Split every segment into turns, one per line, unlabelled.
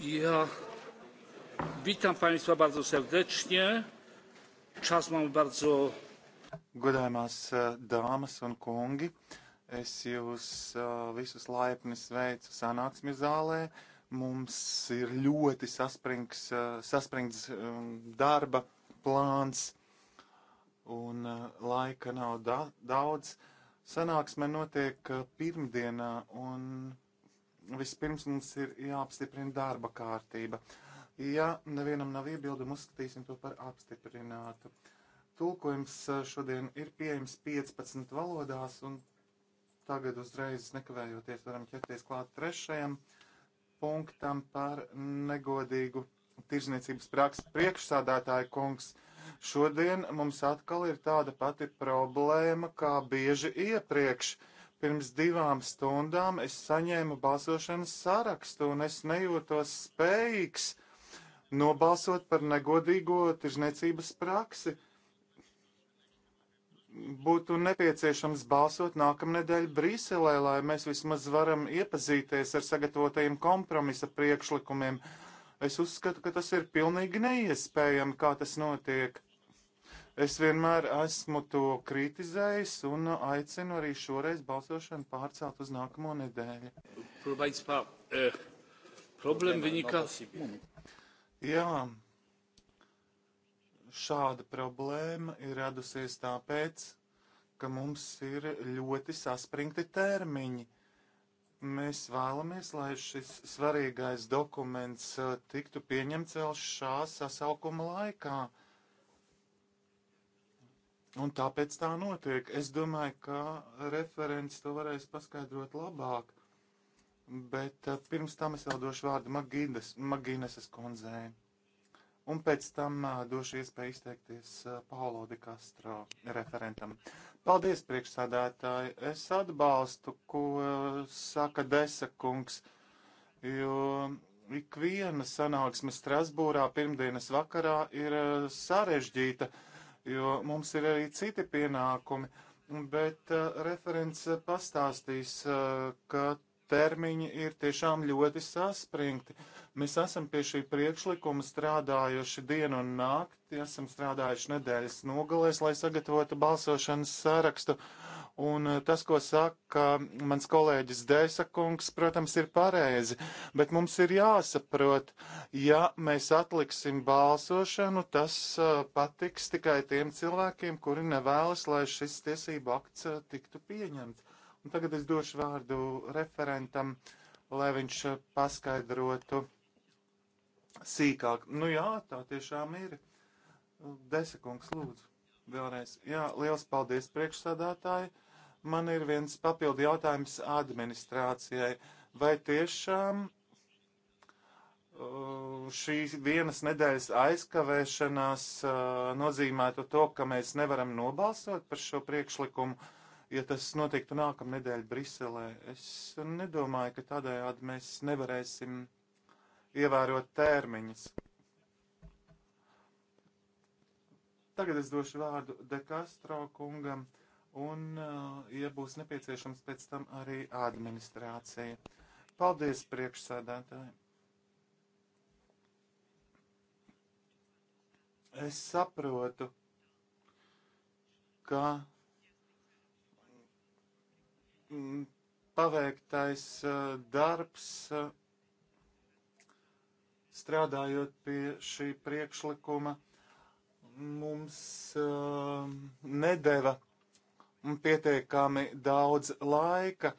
Ja witam Państwa bardzo serdecznie. Czas mam bardzo.
Godājumās e, dāmas un kungi, es jūs e, visus laipni sveicu sanāksmi zālē. Mums ir ļoti saspringts, e, saspringts darba plāns un laika nav da daudz. Da Sanāksme notiek uh, pirmdienā, un vispirms mums ir jāapstiprina darba kārtība. Ja nevienam nav iebildumu, uzskatīsim to par apstiprinātu. Tulkojums uh, šodien ir pieejams 15 valodās, un tagad uzreiz nekavējoties varam ķerties klāt trešajam punktam par negodīgu tirzniecības prakses priekšsādātāju kungs. Uh, Šodien mums atkal ir tāda pati problēma kā bieži iepriekš. Pirms divām stundām es saņēmu balsošanas sarakstu un es nejūtos spējīgs nobalsot par negodīgo tirzniecības praksi. Būtu nepieciešams balsot nākamnedēļ Brīselē, lai mēs vismaz varam iepazīties ar sagatavotajiem kompromisa priekšlikumiem. Uh, Es uzskatu, ka tas ir pilnīgi neiespējami, kā tas notiek. Es vienmēr esmu to kritizējis un aicinu arī šoreiz balsošanu pārcelt uz nākamo nedēļu.
E, problēma vienīgā.
Jā, šāda problēma ir radusies tāpēc, ka mums ir ļoti saspringti termiņi. Mēs vēlamies, lai šis svarīgais dokuments uh, tiktu pieņemts vēl šā sasaukuma laikā. Un tāpēc tā notiek. Es domāju, ka referents to varēs paskaidrot labāk. Bet uh, pirms tam es vēl došu vārdu Magīnesas kundzei. Un pēc tam uh, došu iespēju izteikties Paulo de Castro referentam. Uh, Paldies, priekšsādātāji. Es atbalstu, ko saka Desakungs, jo ikviena sanāksme Strasbūrā pirmdienas vakarā ir eh, sarežģīta, jo mums ir arī citi pienākumi, bet uh, referents pastāstīs, uh, ka termiņi ir tiešām ļoti saspringti. Uh, Mēs esam pie šī priekšlikuma strādājuši dienu un nakti, esam strādājuši nedēļas nogalēs, lai sagatavotu balsošanas sarakstu. Un eh, tas, ko saka mans kolēģis Dēsakungs, protams, ir pareizi, bet mums ir jāsaprot, ja mēs atliksim balsošanu, tas uh, patiks tikai tiem cilvēkiem, kuri nevēlas, lai šis tiesību akts uh, tiktu pieņemts. Un tagad es došu vārdu referentam, lai viņš uh, paskaidrotu sīkāk. Nu jā, tā tiešām ir. Desekungs, lūdzu, vēlreiz. Jā, liels paldies priekšsādātāji. Man ir viens papildu jautājums administrācijai. Vai tiešām uh, šīs vienas nedēļas aizkavēšanās uh, nozīmētu to, ka mēs nevaram nobalsot par šo priekšlikumu? ja tas notiktu nākamnedēļ Briselē, es nedomāju, ka tādējādi mēs nevarēsim ievērot termiņus. Tagad es došu vārdu Dekastro kungam, un, uh, ja būs nepieciešams, pēc tam arī administrācija. Paldies, priekšsēdētāji! Es saprotu, ka mm, paveiktais uh, darbs uh, strādājot pie šī priekšlikuma, mums uh, um, nedēva pietiekami daudz laika,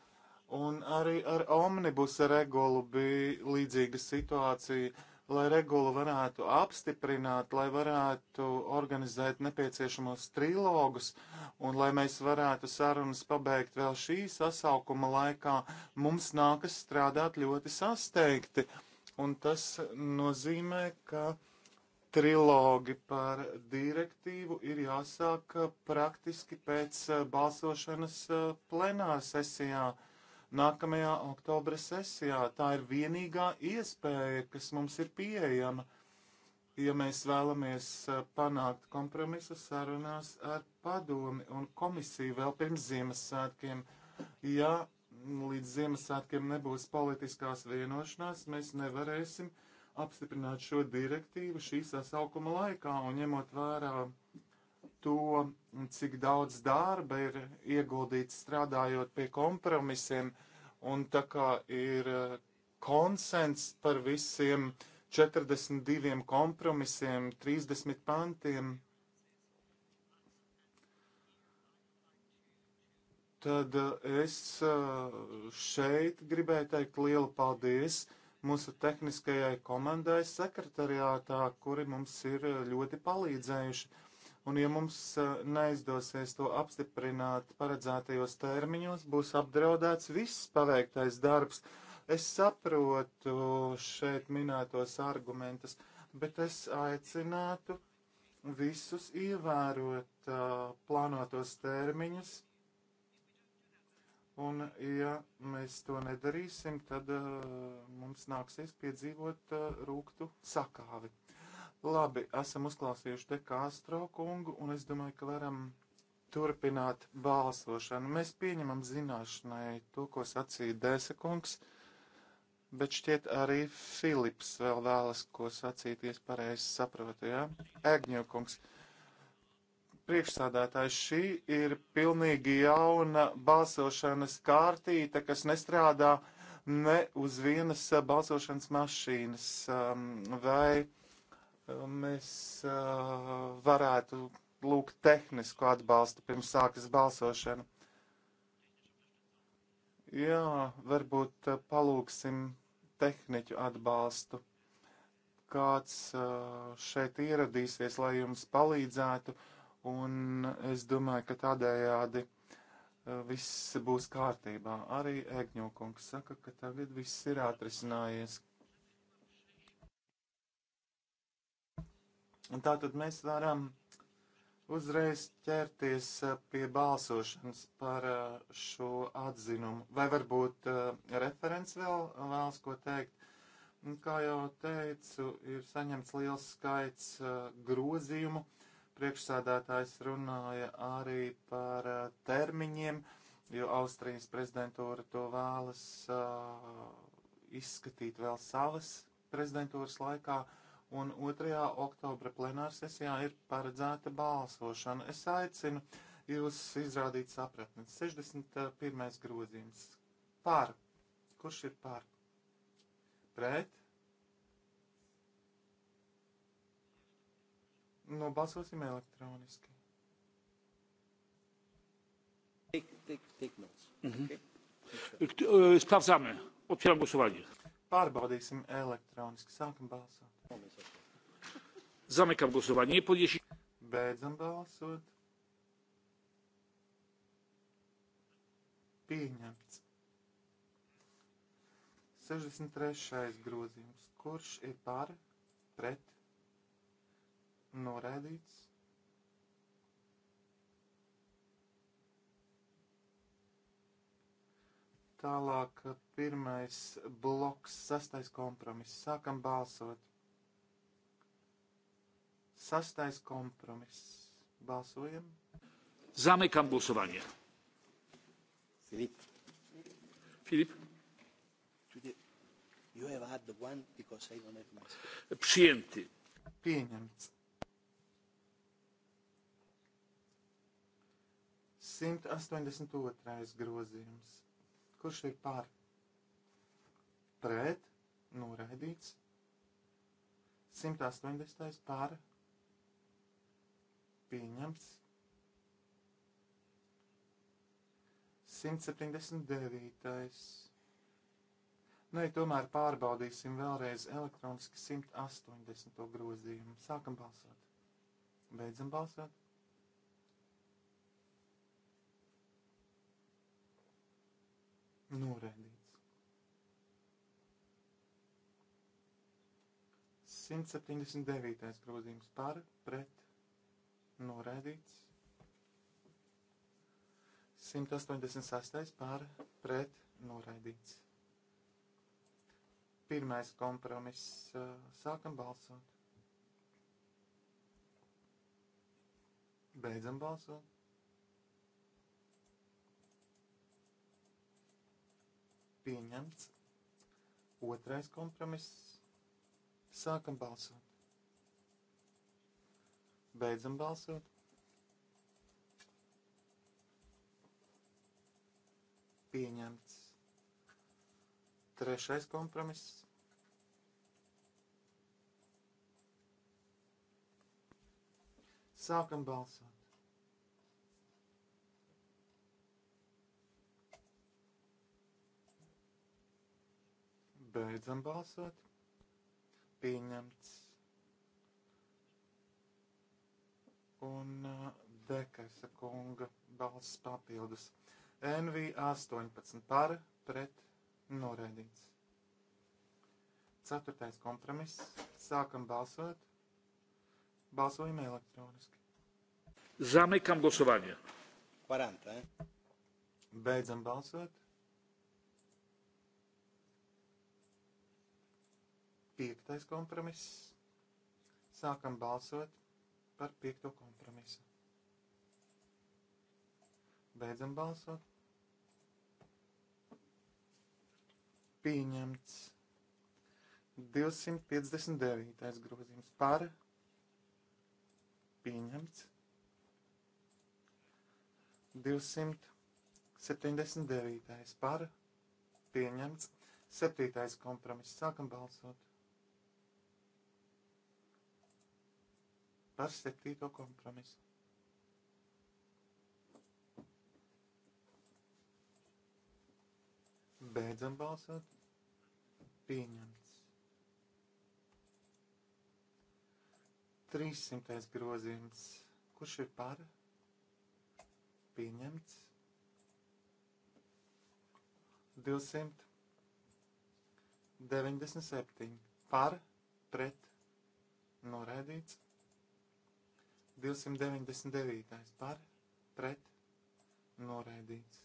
un arī ar omnibusa regulu bija līdzīga situācija, lai regulu varētu apstiprināt, lai varētu organizēt nepieciešamos trilogus, un lai mēs varētu sarunas pabeigt vēl šī sasaukuma laikā, mums nākas strādāt ļoti sasteigti. Uh, Un tas nozīmē, ka trilogi par direktīvu ir jāsāk praktiski pēc eh, balsošanas eh, plenāra sesijā, nākamajā oktobra sesijā. Tā ir vienīgā iespēja, kas mums ir pieejama, ja mēs vēlamies eh, panākt kompromisu sarunās ar padomi un komisiju vēl pirms Ziemassvētkiem. Ja līdz Ziemassvētkiem nebūs politiskās vienošanās, mēs nevarēsim apstiprināt šo direktīvu šī sasaukuma laikā un ņemot vērā to, cik daudz darba ir ieguldīts strādājot pie kompromisiem un tā kā ir eh, konsens par visiem 42 kompromisiem, 30 pantiem tad eh, es eh, šeit gribēju teikt lielu paldies mūsu tehniskajai komandai sekretariātā, kuri mums ir eh, ļoti palīdzējuši. Un ja mums neizdosies to apstiprināt paredzētajos termiņos, būs apdraudēts viss paveiktais darbs. Es saprotu šeit minētos argumentus, bet es aicinātu visus ievērot uh, plānotos termiņus Un, ja mēs to nedarīsim, tad uh, mums nāksies piedzīvot uh, rūktu sakāvi. Labi, esam uzklausījuši te Kāstro kungu, un es domāju, ka varam turpināt balsošanu. Mēs pieņemam zināšanai to, ko sacīja Dēsa kungs, bet šķiet arī Filips vēl vēlas, ko sacīt, ja es pareizi saprotu, jā? Ja? Egņo kungs. Uh, priekšsādātājs, šī ir pilnīgi jauna balsošanas kārtīte, kas nestrādā ne uz vienas balsošanas mašīnas. Vai mēs varētu lūgt tehnisku atbalstu pirms sākas balsošana? Jā, varbūt palūksim tehniķu atbalstu kāds šeit ieradīsies, lai jums palīdzētu un es domāju, ka tādējādi eh, viss būs kārtībā. Arī Egņokungs saka, ka tagad viss ir atrisinājies. Un tātad mēs varam uzreiz ķerties eh, pie balsošanas par eh, šo atzinumu. Vai varbūt referents vēl vēlas ko teikt? Kā jau teicu, ir saņemts liels skaits grozījumu. Uh, Priekšsēdētājs runāja arī par eh, termiņiem, jo Austrijas prezidentūra to vēlas uh, izskatīt vēl savas prezidentūras laikā, un 2. oktobra plenārsesijā ir paredzēta balsošana. Es aicinu jūs izrādīt sapratni. 61. Eh, grozījums. Pār. Kurš ir pār? Pret? Nobalsosim elektroniski.
Take, take, take notes. Mhm. Okay. E, sprawdzamy. Otwieram głosowanie. Pārbaudīsim
elektroniski. Sākam balsot.
Zamykam głosowanie. Podniesie... Beidzam
balsot. Pieņemts. 63. grozījums. Kurš ir par? Pret? Noraidīts. Tālāk pirmais bloks, sastais kompromiss. Sākam balsot. Sastais kompromiss. Balsojam.
Zamykam głosowanie. Filip. Filip. You have had the one because I don't have my... Przyjęty. Pieniądz.
182. grozījums. Kurš ir pār? Pret, noraidīts. 180. pār, pieņemts. 179. Nē, nu, tomēr pārbaudīsim vēlreiz elektroniski 180. grozījumu. Sākam balsot. Beidzam balsot. noraidīts. 179. grozījums par, pret, noraidīts. 186. par, pret, noraidīts. Pirmais kompromiss. Uh, sākam balsot. Beidzam balsot. pieņemts. Otrais kompromiss. Sākam balsot. Beidzam balsot. Pieņemts. Trešais kompromiss. Sākam balsot. Beidzam balsot. Pieņemts. Un uh, Dekaisa kunga balss papildus. NV 18 par pret noraidīts. Ceturtais kompromiss. Sākam balsot. Balsojam elektroniski.
Zamykam głosowanie.
40. Eh?
Beidzam balsot.
Piektais kompromiss. Sākam balsot par piekto kompromisu. Beidzam balsot. Pieņemts 259. grozījums par. Pieņemts 279. par. Pieņemts 7. kompromiss. Sākam balsot. par septīto kompromisu. Beidzam balsot. Pieņemts. 300. grozījums. Kurš ir par? Pieņemts. 297. Par, pret, noraidīts. 299. par pret noraidīts.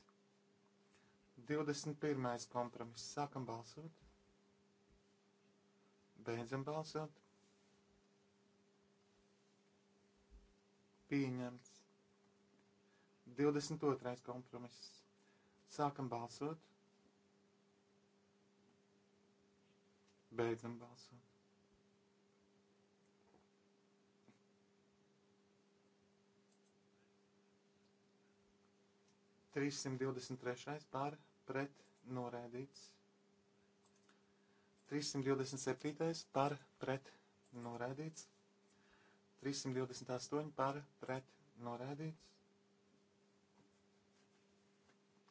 21. kompromiss. Sākam balsot. Beidzam balsot. Pieņemts. 22. kompromiss. Sākam balsot. Beidzam balsot. 323. par pret norēdīts. 327. par pret norēdīts. 328. par pret norēdīts.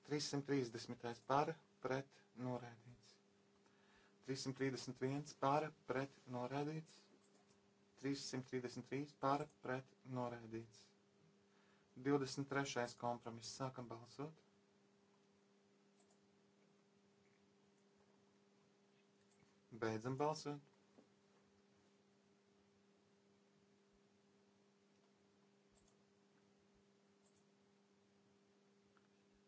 330. par pret norēdīts. 331. par pret norēdīts. 333. par pret norēdīts. 23. kompromiss. Sākam balsot. Beidzam balsot.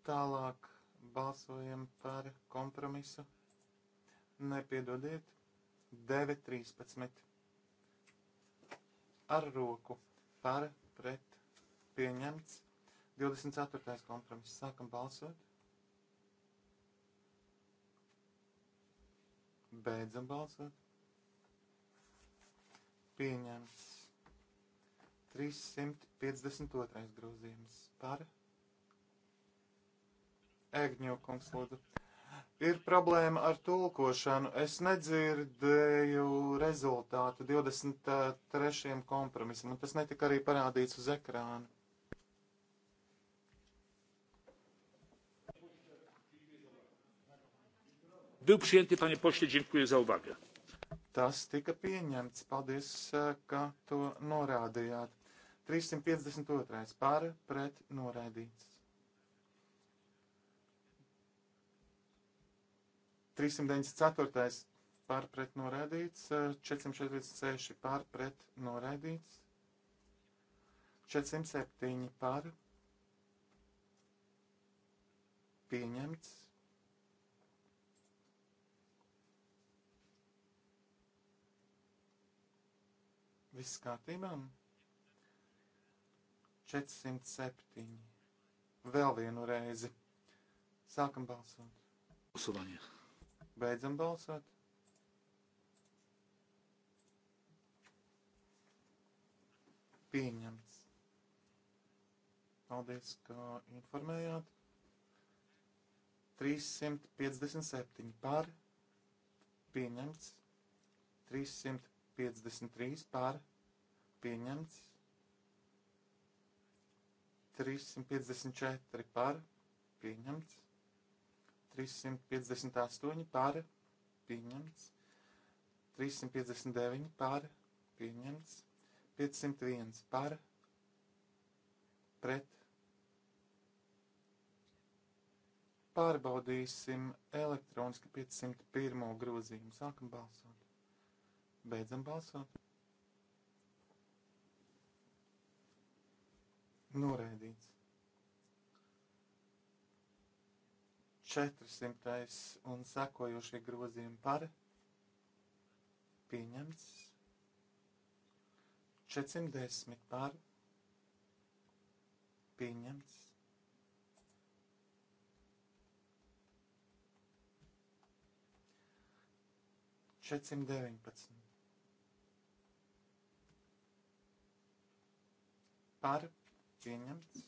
Tālāk balsojam par kompromisu. Nepiedodiet, 9.13. Ar roku par pret pieņemts. 24. kompromiss. Sākam balsot. Beidzam balsot. Pieņemts. 352. grozījums par Egņokungs lūdzu. Ir problēma ar tulkošanu. Es nedzirdēju rezultātu 23. kompromisam, un tas netika arī parādīts uz ekrāna.
Był przyjęty, panie pośle, dziękuję za uwagę.
Tas tika pieņemts. Paldies, eh, ka to norādījāt. 352. par pret noraidīts. 394. par pret noraidīts. 446. Eh, par pret noraidīts. 407. par pieņemts. Viss kārtībām? 407. Vēl vienu reizi. Sākam balsot. Głosowanie. Beidzam balsot. Pieņemts. Paldies, ka informējāt. 357 par. Pieņemts. 353 par pieņemts. 354 par pieņemts. 358 par pieņemts. 359 par pieņemts. 501 par pret. Pārbaudīsim elektroniski 501 grozījumu. Sākam balsot. Beidzam balsot. Noraidīts. 400 un sekojošie grozījumi par pieņemts 410 par pieņemts 419 par Pieņemts.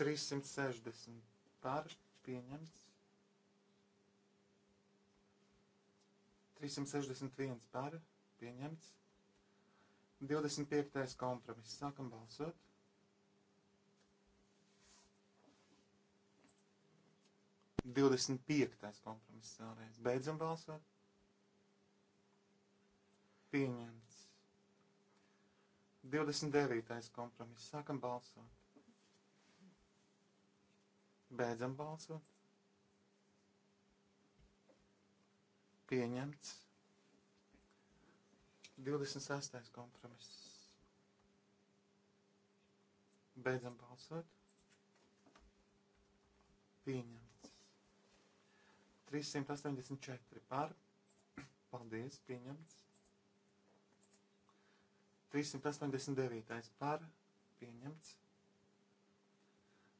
Trīssimt sešdesmit par pieņemts. 361 par pieņemts. 25. kompromiss. Sākam balsot. Divdesmit piektais kompromiss vēlreiz. Beidzam balsot pieņemts. 29. kompromiss. Sākam balsot. Beidzam balsot. Pieņemts. 26. kompromiss. Beidzam balsot. Pieņemts. 384 par. Paldies, pieņemts. 389 par pieņemts.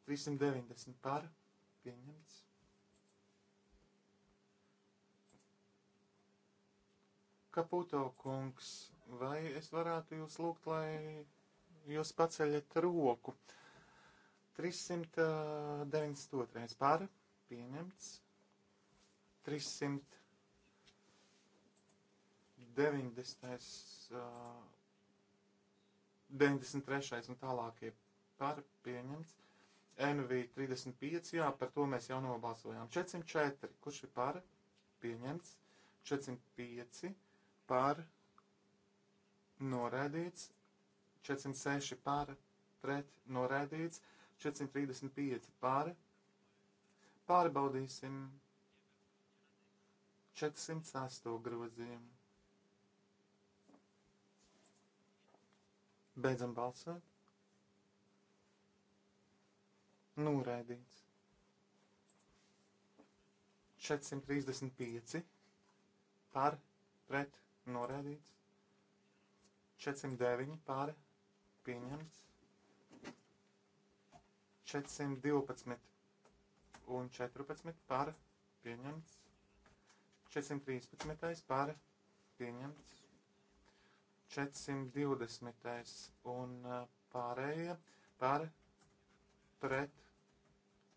390 par pieņemts. 390 Kaputo kungs, vai es varētu jūs lūgt, lai jūs paceļat roku? 392 par pieņemts. 390. Uh, 93. un tālāk ir par pieņemts. NV 35, jā, par to mēs jau nobalsojām. 404, kurš ir par pieņemts. 405 par noraidīts. 406 par pret noraidīts. 435 par pārbaudīsim 408 grozījumu. Beidzam balsot. Noraidīts. Nu, 435 par pret noraidīts. 409 par pieņemts. 412 un 14 par pieņemts. 413 par pieņemts. 420. un e, pārējie par pret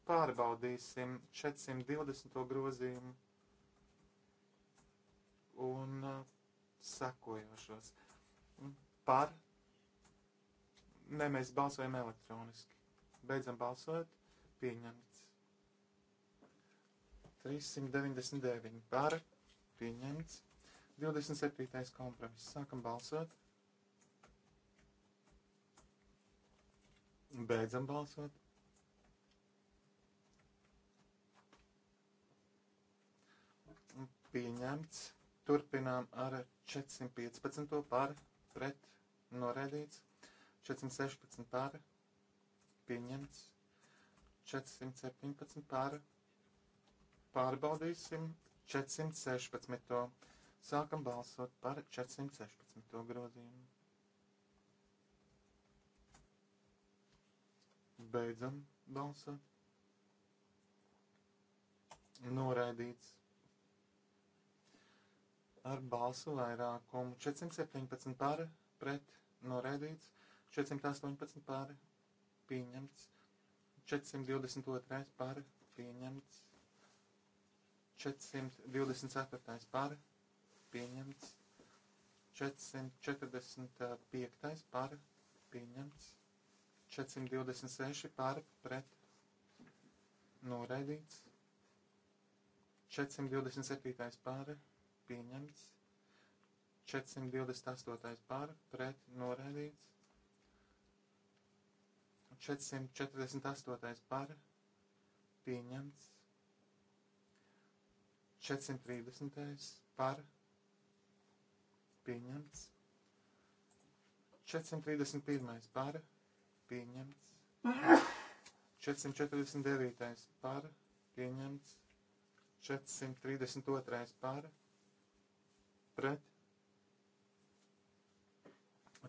pārbaudīsim 420. grozījumu un e, sakojošos. Par ne mēs balsojam elektroniski. Beidzam balsot, pieņemts. 399 par, pieņemts. 27. kompromiss. Sākam balsot. Beidzam balsot. Pieņemts. Turpinām ar 415. par pret noraidīts. 416 par pieņemts. 417 par pārbaudīsim 416. Sākam balsot par 416. grozījumu. Beidzam balsot. Noraidīts. Ar balsu vairākumu 417 par pret noraidīts, 418 par pieņemts, 422 par pieņemts, 424 par pieņemts pieņemts. 445 uh, par pieņemts. 426 par pret noraidīts. 427 par pieņemts. 428 par pret noraidīts. 448 par pieņemts. 430 par pieņemts. 430 par pieņemts. 431. par pieņemts. 449. par pieņemts. 432. par pret.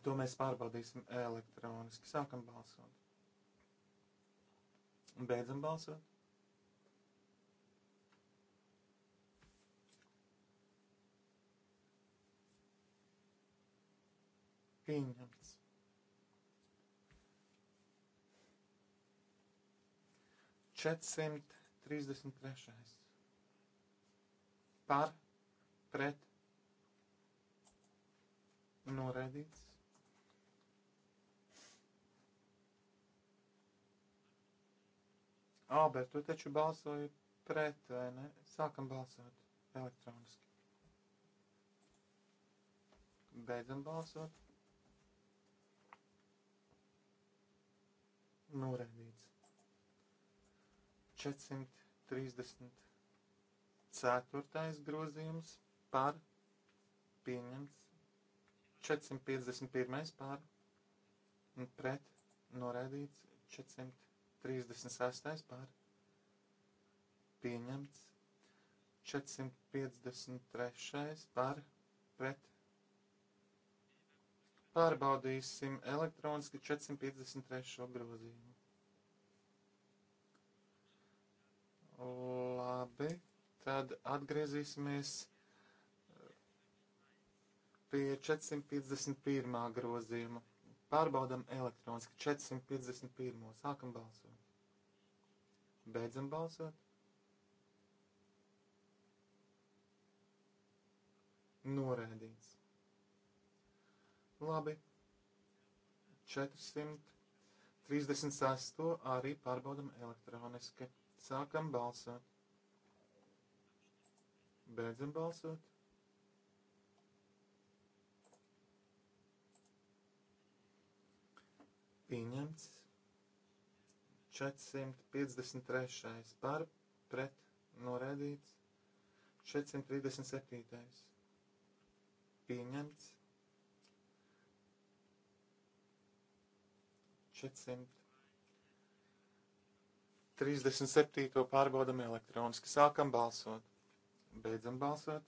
To mēs pārbaudīsim elektroniski. Sākam balsot. Beidzam balsot. pieņemts. Četrsimt trīsdesmit trešais. Par, pret, noraidīts. Albert, tu taču balsoji pret, vai ne? Sākam balsot elektroniski. Beidzam balsot. noraidīts. 434. grozījums par pieņemts. 451. par un pret noraidīts. 436. par pieņemts. 453. par pret Pārbaudīsim elektroniski 453. grozījumu. Labi, tad atgriezīsimies uh, pie 451. grozījuma. Pārbaudam elektroniski 451. Sākam balsot. Beidzam balsot. Norēdīts. Labi. 436. arī pārbaudam elektroniski. Sākam balsot. Beidzam balsot. Pieņemts 453. par pret norēdīts 437. Pieņemts 453. 437. pārbaudam elektroniski. Sākam balsot. Beidzam balsot.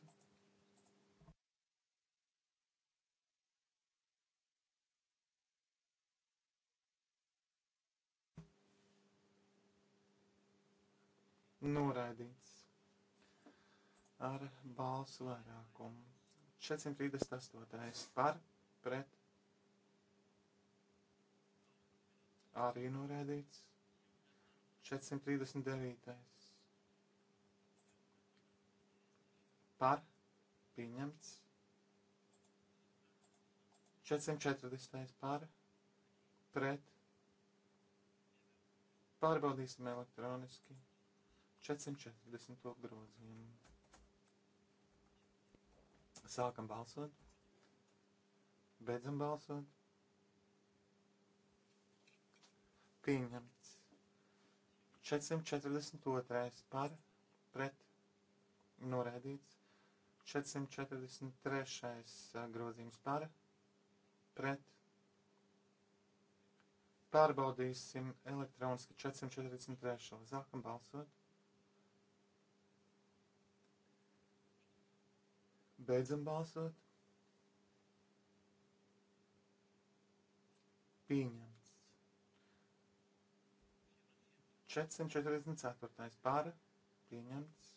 Noraidīts ar balsu vairākumu. 438. par pret arī noraidīts. 439. Par pieņemts. 440. par pret. Pārbaudīsim elektroniski 440. grozījumu. Sākam balsot. Beidzam balsot. pieņemts. 442. par pret norēdīts. 443. grozījums par pret. Pārbaudīsim elektroniski 443. Sākam balsot. Beidzam balsot. Pieņem. 444. pār, pieņemts.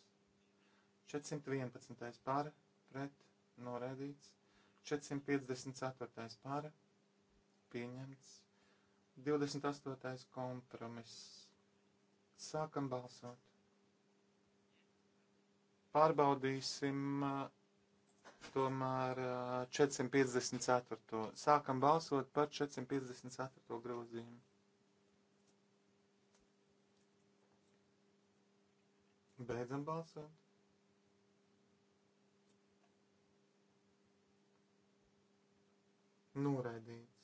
411. pār, pret, noraidīts. 454. pār, pieņemts. 28. kompromiss. Sākam balsot. Pārbaudīsim uh, tomēr 454. Uh, Sākam balsot par 454. grozījumu. Beidzam balsot. Noraidīts.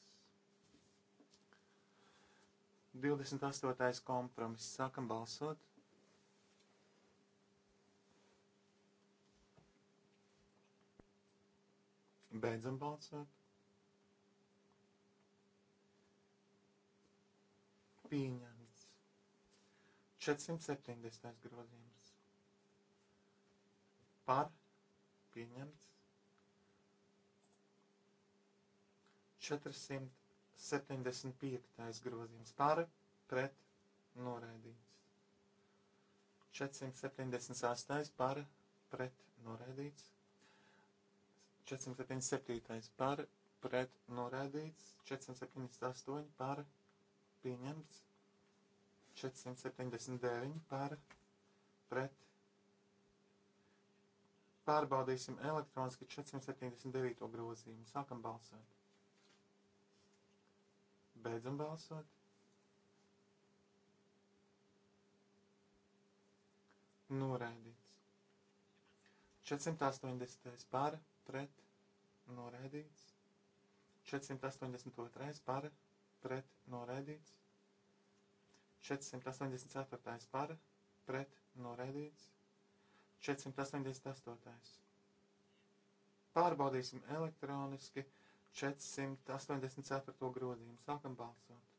28. kompromiss. Sākam balsot. Beidzam balsot. Pieņemts. 470. grozījums par pieņemts 475. grozījums par pret noraidīts. 478. par pret noraidīts. 477. par pret noraidīts. 478. par pieņemts. 479. par pret noraidīts. Pārbaudīsim elektroniski 479. grozījumu. Sākam balsot. Beidzam balsot. Noraidīts. 480. par, pret, noraidīts. 482. par, pret, noraidīts. 484. par, pret, noraidīts. 488. Pārbaudīsim elektroniski 484. grozījumu. Sākam balsot.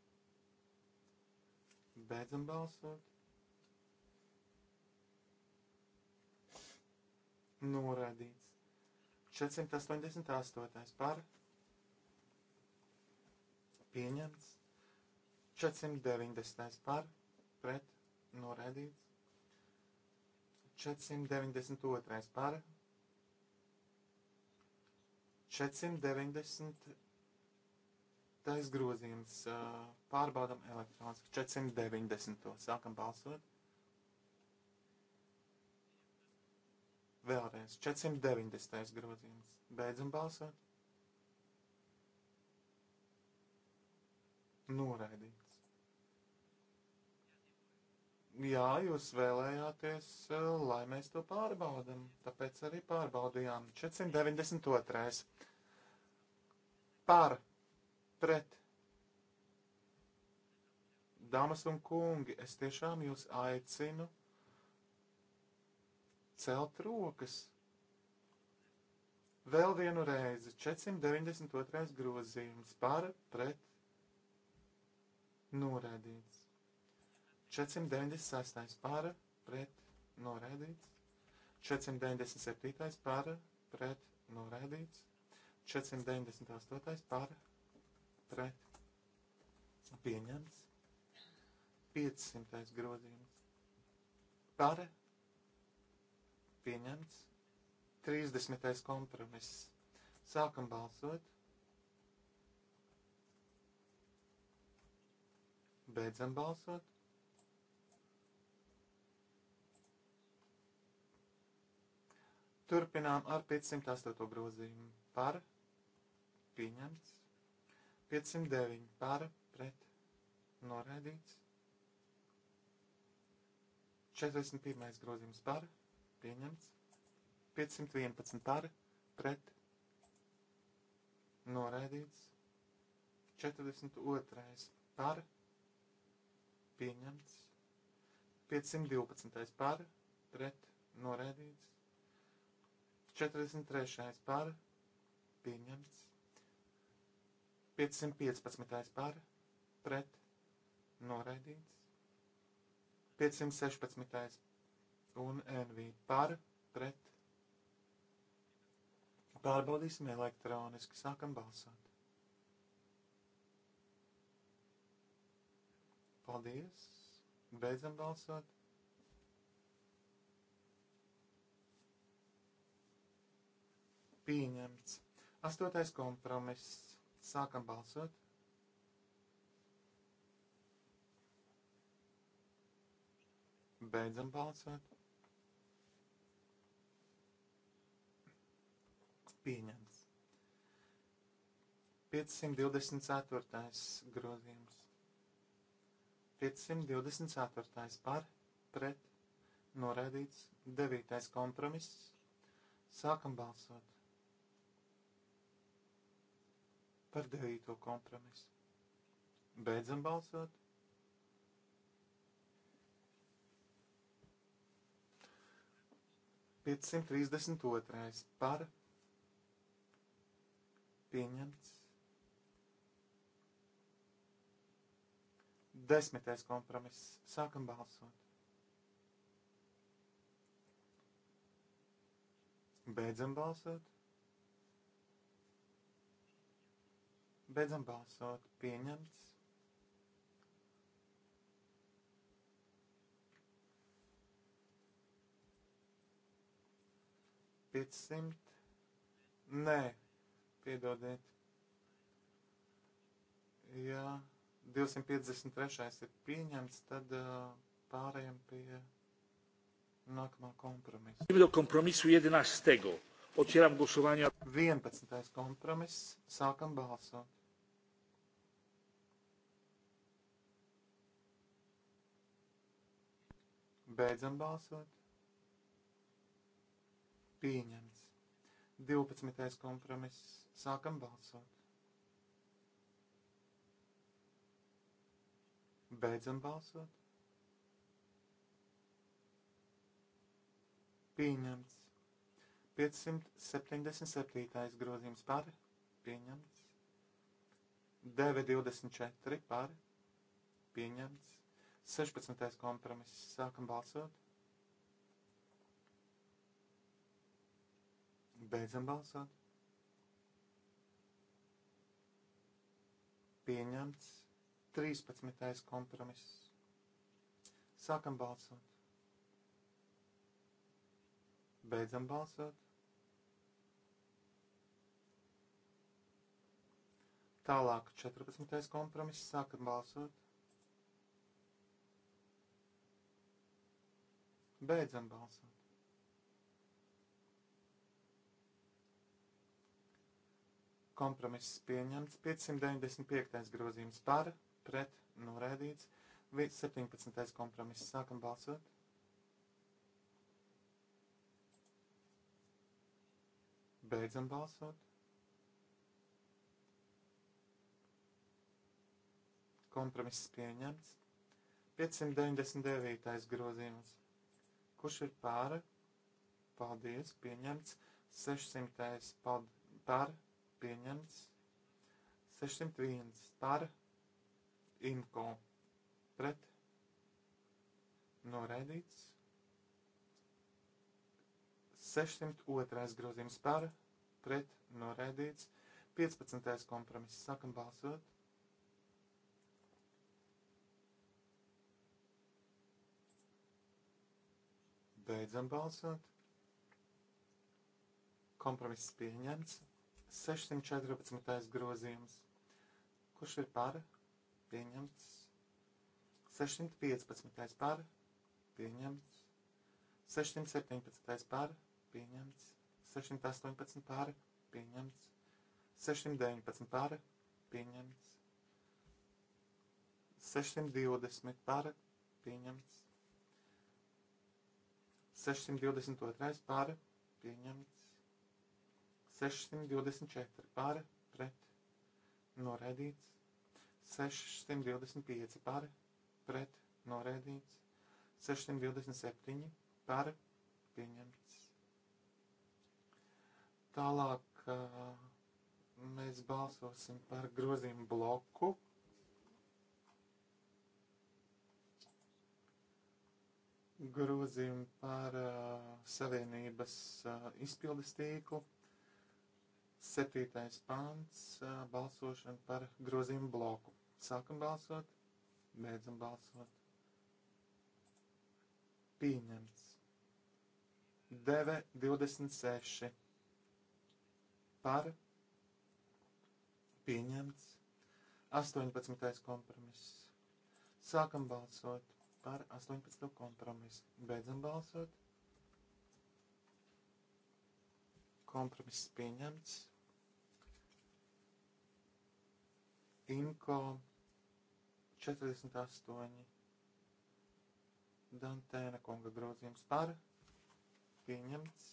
Beidzam balsot. Noraidīts. 488. par. Pieņemts. 490. par. Pret. Noraidīts. 492 par 490 grozījums. Pārbaudam elektroniski 490. Sākam balsot. Vēlreiz 490. grozījums. Beidzam balsot. Noraidīt jā, jūs vēlējāties, eh, lai mēs to pārbaudam, tāpēc arī pārbaudījām. 492. Par, pret, dāmas un kungi, es tiešām jūs aicinu celt rokas. Vēl vienu reizi 492. grozījums par pret norēdīts. 496. pāra pret noraidīts. 497. pāra pret noraidīts. 498. pāra pret pieņemts. 500. grozījums par pieņemts. 30. kompromiss. Sākam balsot. Beidzam balsot. Turpinām ar 508. grozījumu par pieņemts, 509 par pret noraidīts, 41. grozījums par pieņemts, 511 par pret noraidīts, 42. par pieņemts, 512. par pret noraidīts, 43. par pieņemts. 515. par pret noraidīts. 516. un NV par pret. Pārbaudīsim elektroniski, sākam balsot. Paldies! Beidzam balsot. pieņemts. Astotais kompromiss. Sākam balsot. Beidzam balsot. Pieņemts. 524. grozījums. 524. par, pret, noraidīts, 9. kompromiss. Sākam balsot. par devīto kompromisu. Beidzam balsot. Piecsimt trīsdesmit otrais par pieņemts. Desmitais kompromiss. Sākam balsot. Beidzam balsot. Beidzam balsot. Pieņemts. Piecsimt. Nē, piedodiet. Jā, 253. ir pieņemts, tad uh, pārējiem pie nākamā kompromisa.
Do kompromisu 11. Otwieram głosowanie. 11. kompromis. Sākam balsot.
Beidzam balsot. Pieņemts. 12. kompromiss. Sākam balsot. Beidzam balsot. Pieņemts. 577. grozījums par. Pieņemts. 924 par. Pieņemts. 16. kompromiss. Sākam balsot. Beidzam balsot. Pieņemts 13. kompromiss. Sākam balsot. Beidzam balsot. Tālāk 14. kompromiss. Sākam balsot. Beidzam balsot. Kompromiss pieņemts. 595. grozījums par, pret, noraidīts. 17. kompromiss. Sākam balsot. Beidzam balsot. Kompromiss pieņemts. 599. grozījums kurš ir pār, paldies, pieņemts 600, pad, par, pieņemts 601, par, imko, pret, noraidīts 602 grozījums par, pret, noraidīts 15. kompromiss, sākam balsot. Beidzam balsot. Kompromiss pieņemts. 614. grozījums. Kurš ir par? Pieņemts. 615. par? Pieņemts. 617. par? Pieņemts. 618 par? Pieņemts. 619 par? Pieņemts. 620 par? Pieņemts. 622 pāri pieņemts, 624 pāri pret noraidīts, 625 pāri pret noraidīts, 627 pāri pieņemts. Tālāk mēs balsosim par grozījumu bloku grozījumu par uh, savienības uh, izpildes tīklu. Septītais pants uh, - balsošana par grozījumu bloku. Sākam balsot, beidzam balsot. Pieņemts. 9.26 par pieņemts. 18. kompromiss. Sākam balsot par 18. kompromisu. Beidzam balsot. Kompromiss pieņemts. Inko 48. Dantēna kunga grozījums par pieņemts.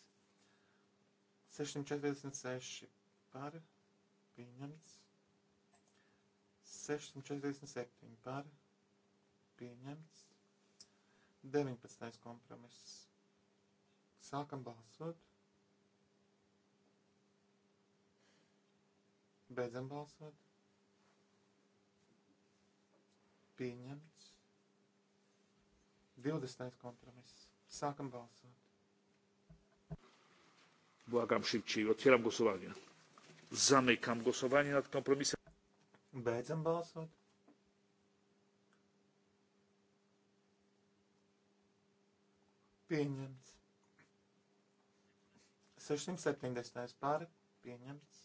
646 par pieņemts. 647 par pieņemts. 19. kompromiss. Sākam balsot. Beidzam balsot. Pieņemts. 20. kompromiss. Sākam balsot.
Błagam szybciej. Otwieram głosowanie. Zamykam głosowanie nad kompromisem.
Beidzam balsot. Pieņemts. 670. pār. Pieņemts.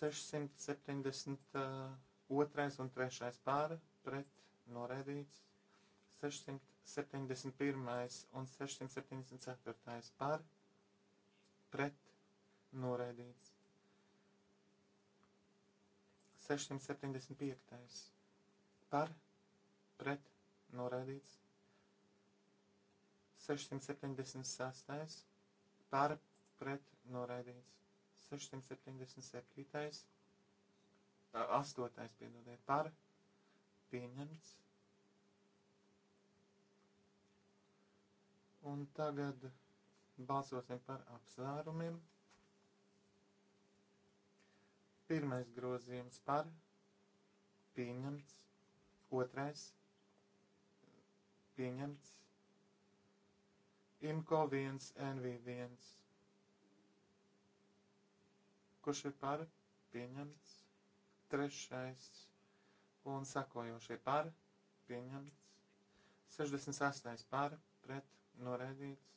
672. Uh, un 3. pār. Pret. Noraidīts. 671. un 674. pār. Pret. Noraidīts. 675. par, pret, noraidīts. 676. par pret noraidīts. 677. 8. piedodiet par pieņemts. Un tagad balsosim par apsvērumiem. Pirmais grozījums par pieņemts. Otrais pieņemts IMCO 1, NV1. Kurš ir par? Pieņemts. Trešais un sakojošie par? Pieņemts. 68. par? Pret? Noraidīts.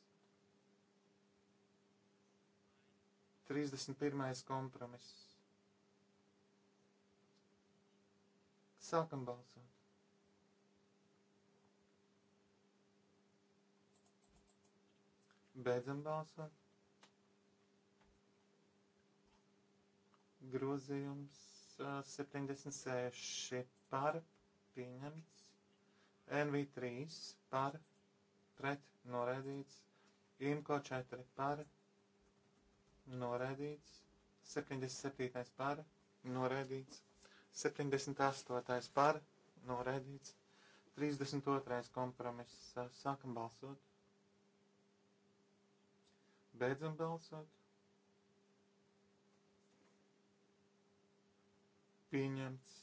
31. kompromiss. Sākam balsot. Beidzam balsot. Grozījums 76 par pieņemts. NV3 par pret noraidīts. IMCO 4 par noraidīts. 77 par noraidīts. 78 par noraidīts. 32. kompromiss. Sākam balsot. Beidzam balsot. Pieņemts.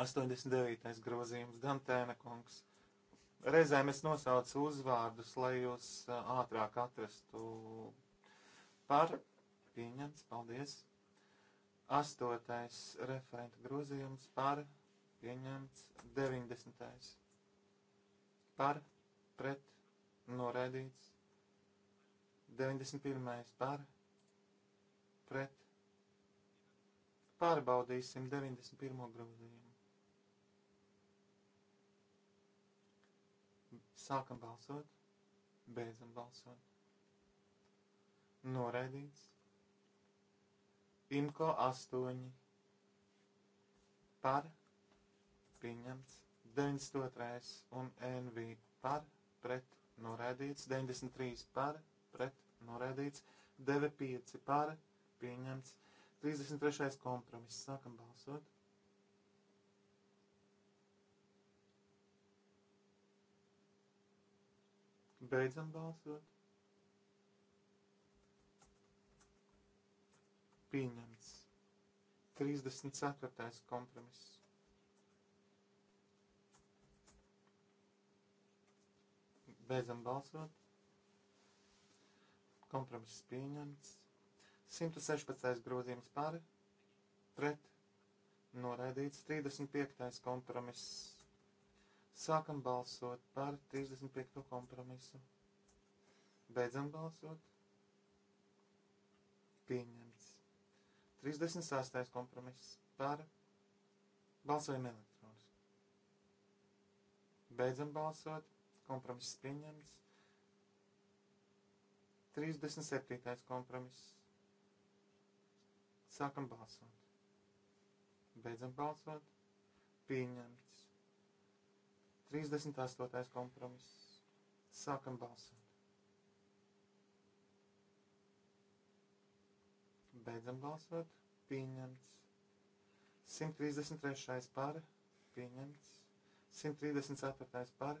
89. grozījums Dantēna kungs. Reizēm es nosaucu uzvārdus, lai jūs ātrāk atrastu par pieņemts, paldies. Astotais referenta grozījums par pieņemts 90. par pret, noraidīts. 91. par, pret. Pārbaudīsim 91. grozījumu. Sākam balsot, beidzam balsot. Noraidīts. Imko 8. Par, pieņemts. 92. un NV par, pieņemts pret norēdīts, 93 par pret norēdīts, 95 par pieņemts, 33. kompromiss. Sākam balsot. Beidzam balsot. Pieņemts. 34. kompromiss. Beidzam balsot. Kompromiss pieņemts. 116. grozījums par, pret, noraidīts. 35. kompromiss. Sākam balsot par 35. kompromisu. Beidzam balsot. Pieņemts. 36. kompromiss par. Balsojam elektroniski. Beidzam balsot kompromiss pieņemts. 37. kompromiss. Sākam balsot. Beidzam balsot. Pieņemts. 38. kompromiss. Sākam balsot. Beidzam balsot. Pieņemts. 133. par. Pieņemts. 134. par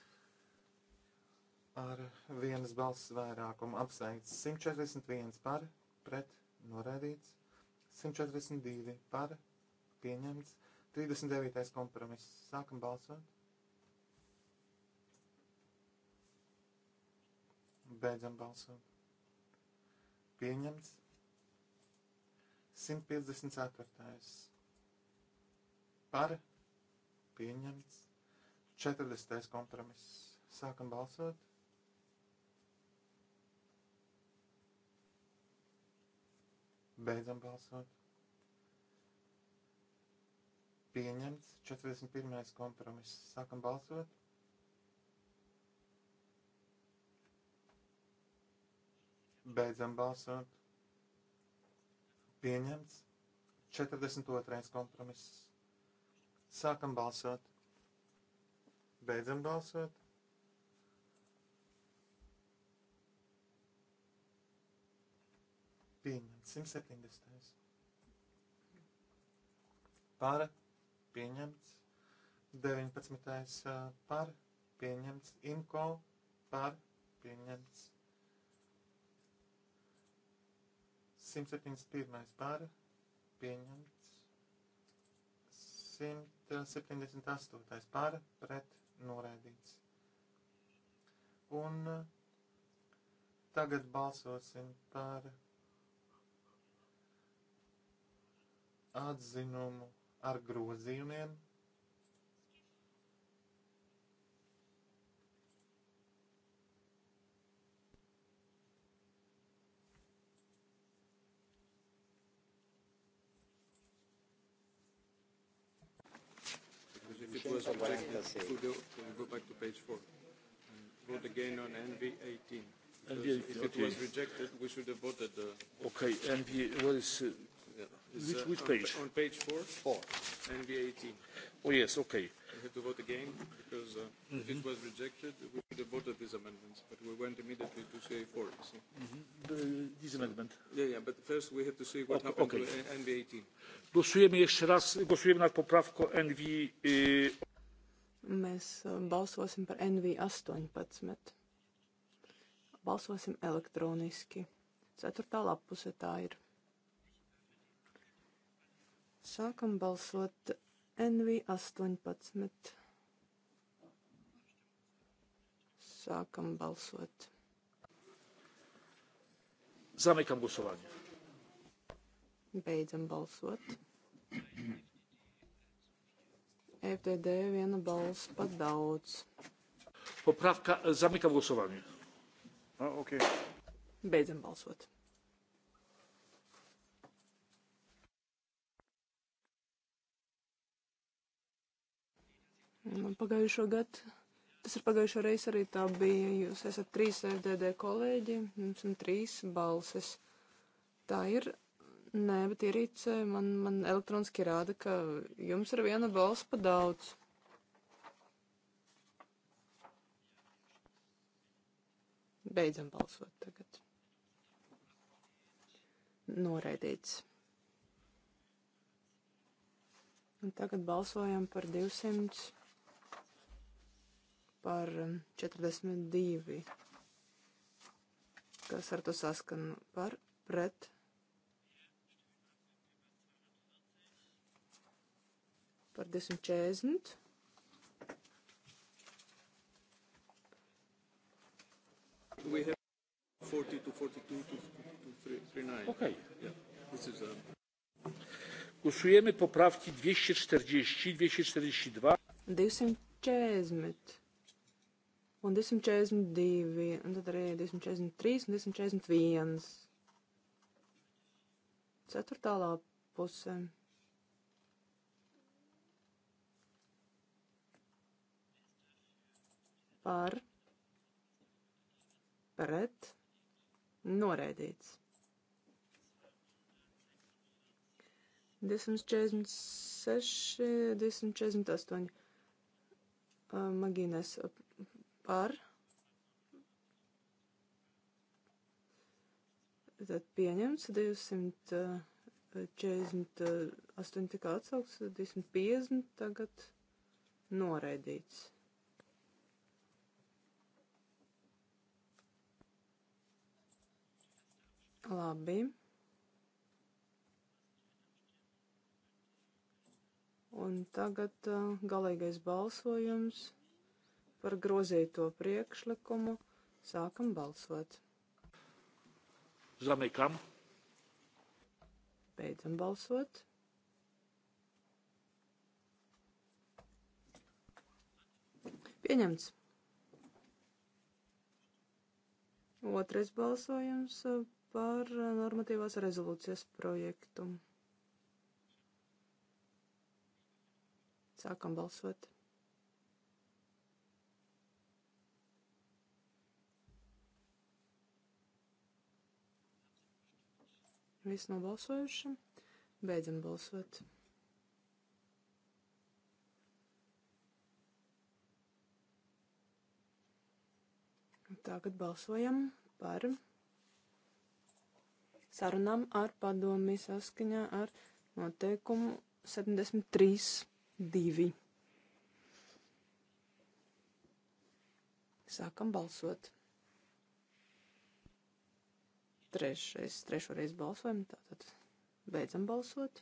ar vienas balss vairākumu apsveikts 141 par, pret noraidīts, 142 par, pieņemts, 39. kompromiss. Sākam balsot. Beidzam balsot. Pieņemts. 154. Par. Pieņemts. 40. kompromiss. Sākam balsot. Beidzam balsot. Pieņemts 41. kompromiss. Sākam balsot. Beidzam balsot. Pieņemts 42. kompromiss. Sākam balsot. Beidzam balsot. Pieņemts. 170. Par pieņemts. 19. par pieņemts. Imko par pieņemts. 171. par pieņemts. 178. par pret noraidīts. Un tagad balsosim par atzinumu ar grozījumiem.
If it was objected, could you, could you go back to page 4? Vote again on NV 18. NV 18. If it was rejected, we should have voted. Uh, okay, NV, what is uh, Is, which, uh, which uh, page? On, on page four. Four. NVA 18. Oh yes, okay. We had to vote again because uh, mm-hmm. if it mm-hmm. was rejected, we should have voted these amendments, but we went immediately to CA four. You see. Mm-hmm. The, this amendment. Yeah, yeah, but first we have to see what oh, okay, happened okay. to NVA 18. Głosujemy jeszcze raz, głosujemy nad poprawką NV. Y...
Mēs uh, balsosim par NV 18. Balsosim elektroniski. Ceturtā lapuse tā ir. Sākam balsot NV18. Sākam balsot.
Zamykam głosowanie.
Beidzam balsot. FDD viena balss pat daudz.
Poprawka, e, zamykam głosowanie. A, okay.
Beidzam balsot. Man pagājušo gadu, tas ir pagājušo reizi arī tā bija, jūs esat trīs FDD kolēģi, jums ir trīs balses. Tā ir, nē, bet ierīce man, man elektroniski rāda, ka jums ir viena balss pa daudz. Beidzam balsot tagad. Noraidīts. Un tagad balsojam par 200 par 42, um, kas ar to saskan par pret. Par 240.
We have 40 to 42 to, to 39. Okay. Yeah. This is, um... Głosujemy poprawki 240, 242.
240 un 242, un tad arī 243 un 241. Ceturtā lapuse. Par, pret, noraidīts. 246, 248. Magīnes par. Tad pieņemts 248 eh, eh, tika atsauks, 250 tagad noraidīts. Labi. Un tagad uh, galīgais balsojums par grozīto priekšlikumu. Sākam balsot. Zamykam. Beidzam balsot. Pieņemts. Otrais balsojums par normatīvās rezolūcijas projektu. Sākam balsot. Visi nobalsojuši. Beidzam balsot. Tagad balsojam par sarunām ar padomi saskaņā ar noteikumu 73.2. Sākam balsot. Trešais, trešo reizi balsojam, tātad beidzam balsot.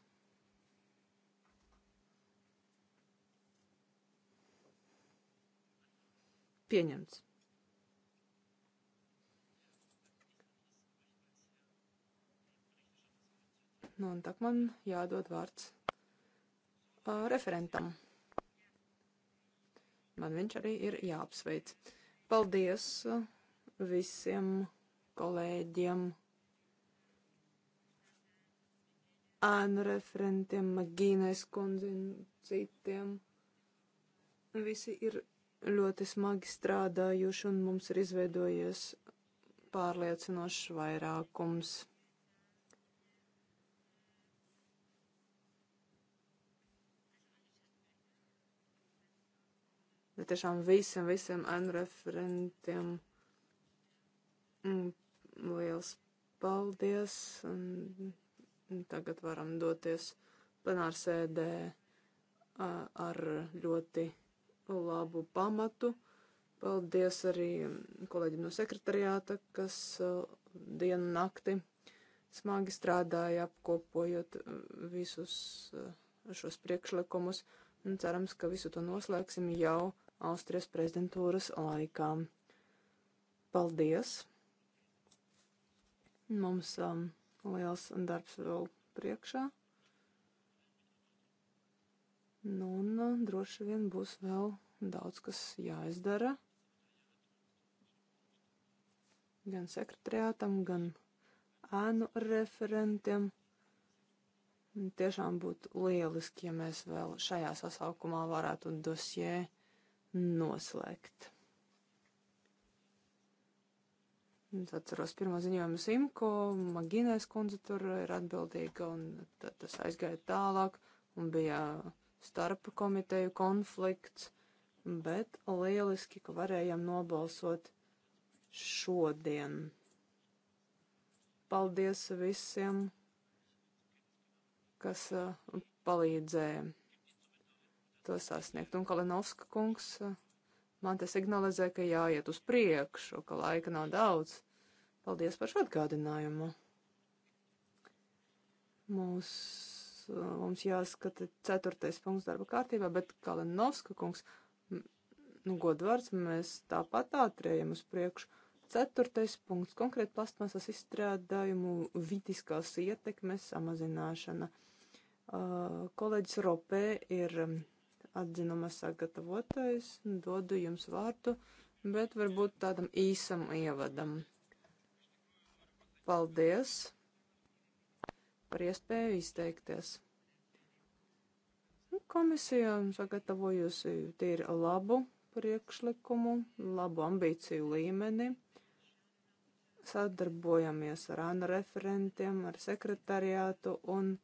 Pieņemts. Nu, un tā man jādod vārds uh, referentam. Man viņš arī ir jāapsveic. Paldies visiem kolēģiem, ānu referentiem, Magīnais kundzi un citiem. Visi ir ļoti smagi strādājuši un mums ir izveidojies pārliecinošs vairākums. Bet tiešām visiem, visiem N-referentiem mm, liels paldies. Un Tagad varam doties plenārsēdē ar ļoti labu pamatu. Paldies arī kolēģim no sekretariāta, kas dienu nakti smagi strādāja, apkopojot visus šos priekšlikumus. Un cerams, ka visu to noslēgsim jau Austrijas prezidentūras laikā. Paldies! Mums um, Liels darbs vēl priekšā. Nu, un uh, droši vien būs vēl daudz, kas jāizdara. Gan sekretariātam, gan ēnu referentiem. Tiešām būtu lieliski, ja mēs vēl šajā sasaukumā varētu dosjē noslēgt. Es nu, atceros pirmo ziņojumu Simko, Maginēs kundze tur ir atbildīga, un tad tas aizgāja tālāk, un bija starp komiteju konflikts, bet lieliski, ka varējām nobalsot šodien. Paldies visiem, kas uh, palīdzēja to sasniegt. Un Kalinovska kungs. Uh, Man tas signalizē, ka jāiet uz priekšu, ka laika nav daudz. Paldies par šo atgādinājumu. Mūs, mums jāskata ceturtais punkts darba kārtībā, bet Kalinovska kungs, nu, godvārds, mēs tāpat ātrējam uz priekšu. Ceturtais punkts - konkrēti plastmasas izstrādājumu vitiskās ietekmes samazināšana. Uh, kolēģis Ropē ir atzinuma sagatavotais, dodu jums vārdu, bet varbūt tādam īsam ievadam. Paldies par iespēju izteikties. Komisija sagatavojusi tīri labu priekšlikumu, labu ambīciju līmeni. Sadarbojamies ar ANA referentiem, ar sekretariātu un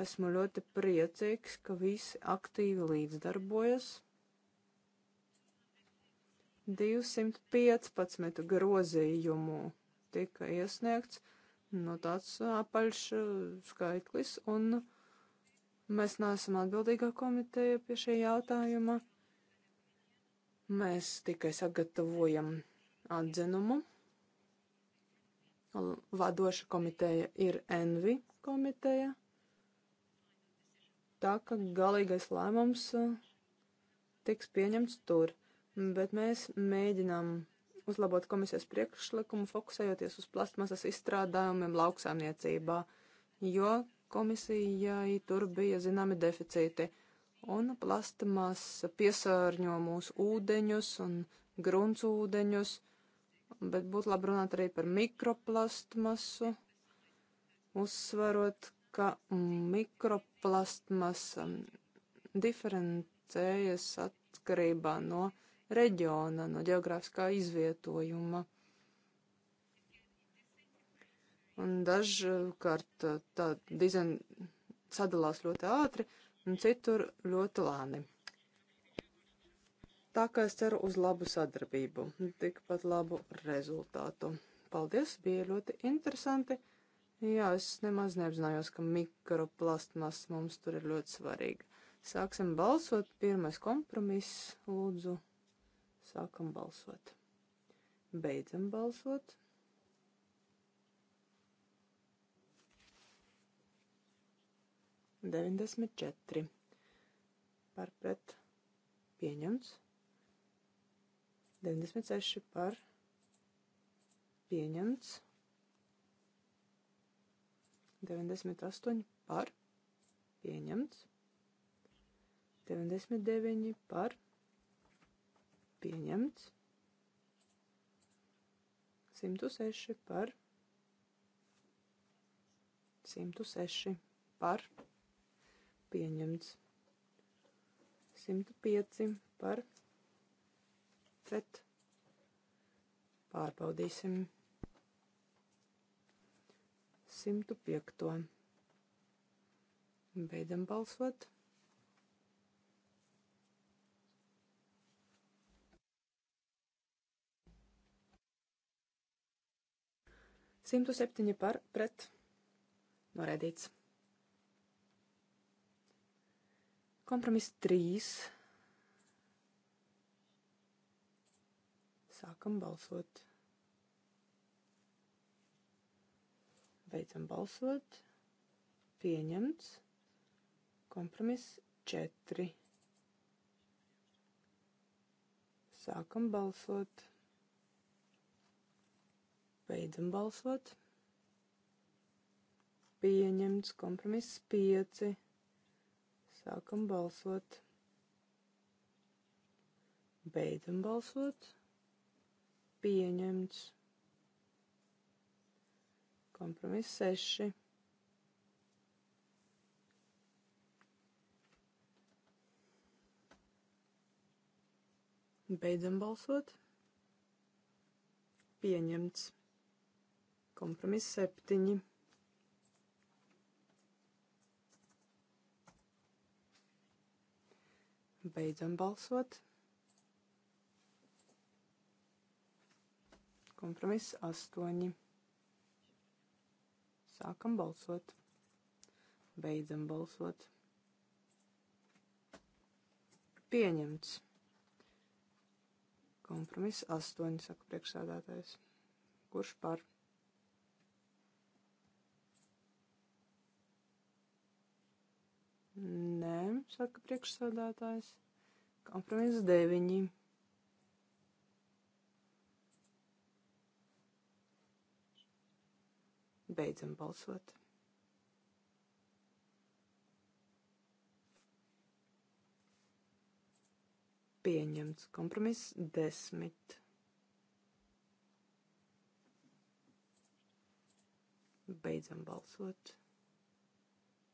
Esmu ļoti priecīgs, ka visi aktīvi līdzdarbojas. 215 grozījumu tika iesniegts, no nu, tāds apaļš uh, skaitlis, un mēs neesam atbildīgā komiteja pie šī jautājuma. Mēs tikai sagatavojam atzinumu. Vadoša komiteja ir Envi komiteja tā, ka galīgais lēmums eh, tiks pieņemts tur, bet mēs mēģinām uzlabot komisijas priekšlikumu, fokusējoties uz plastmasas izstrādājumiem lauksāniecībā, jo komisijai tur bija zināmi deficīti, un plastmasa piesārņo mūsu ūdeņus un gruntsūdeņus, bet būtu labi runāt arī par mikroplastmasu, uzsvarot, ka mikroplastmas um, diferencējas atkarībā no reģiona, no geogrāfiskā izvietojuma. Un dažkārt uh, tā dizaina sadalās ļoti ātri, un citur ļoti lēni. Tā kā es ceru uz labu sadarbību, tikpat labu rezultātu. Paldies, bija ļoti interesanti. Jā, es nemaz neapzinājos, ka mikroplastmas mums tur ir ļoti svarīga. Sāksim balsot. Pirmais kompromiss. Lūdzu, sākam balsot. Beidzam balsot. Deviņdesmit četri. Par pret pieņemts. 96 par pieņemts. 98 par pieņemts, 99 par pieņemts, 106 par 106 par pieņemts, 105 par pret pārbaudīsim. 105. Beidzam balsot. Simtu septiņi par pret norēdīts. Kompromiss trīs. Sākam balsot. Beidzam balsot. Pieņemts. Kompromiss 4. Sākam balsot. Beidzam balsot. Pieņemts kompromiss 5. Sākam balsot. Beidzam balsot. Pieņemts. Kompromiss 6. Beidzam balsot. Pieņemts. Kompromiss 7. Beidzam balsot. Kompromiss 8. Sākam balsot. Beidzam balsot. Pieņemts. Kompromiss 8, saka priekšsādātājs. Kurš par? Nē, saka priekšsādātājs. Kompromiss 9. Beidzam balsot. Pieņemts kompromiss desmit. Beidzam balsot.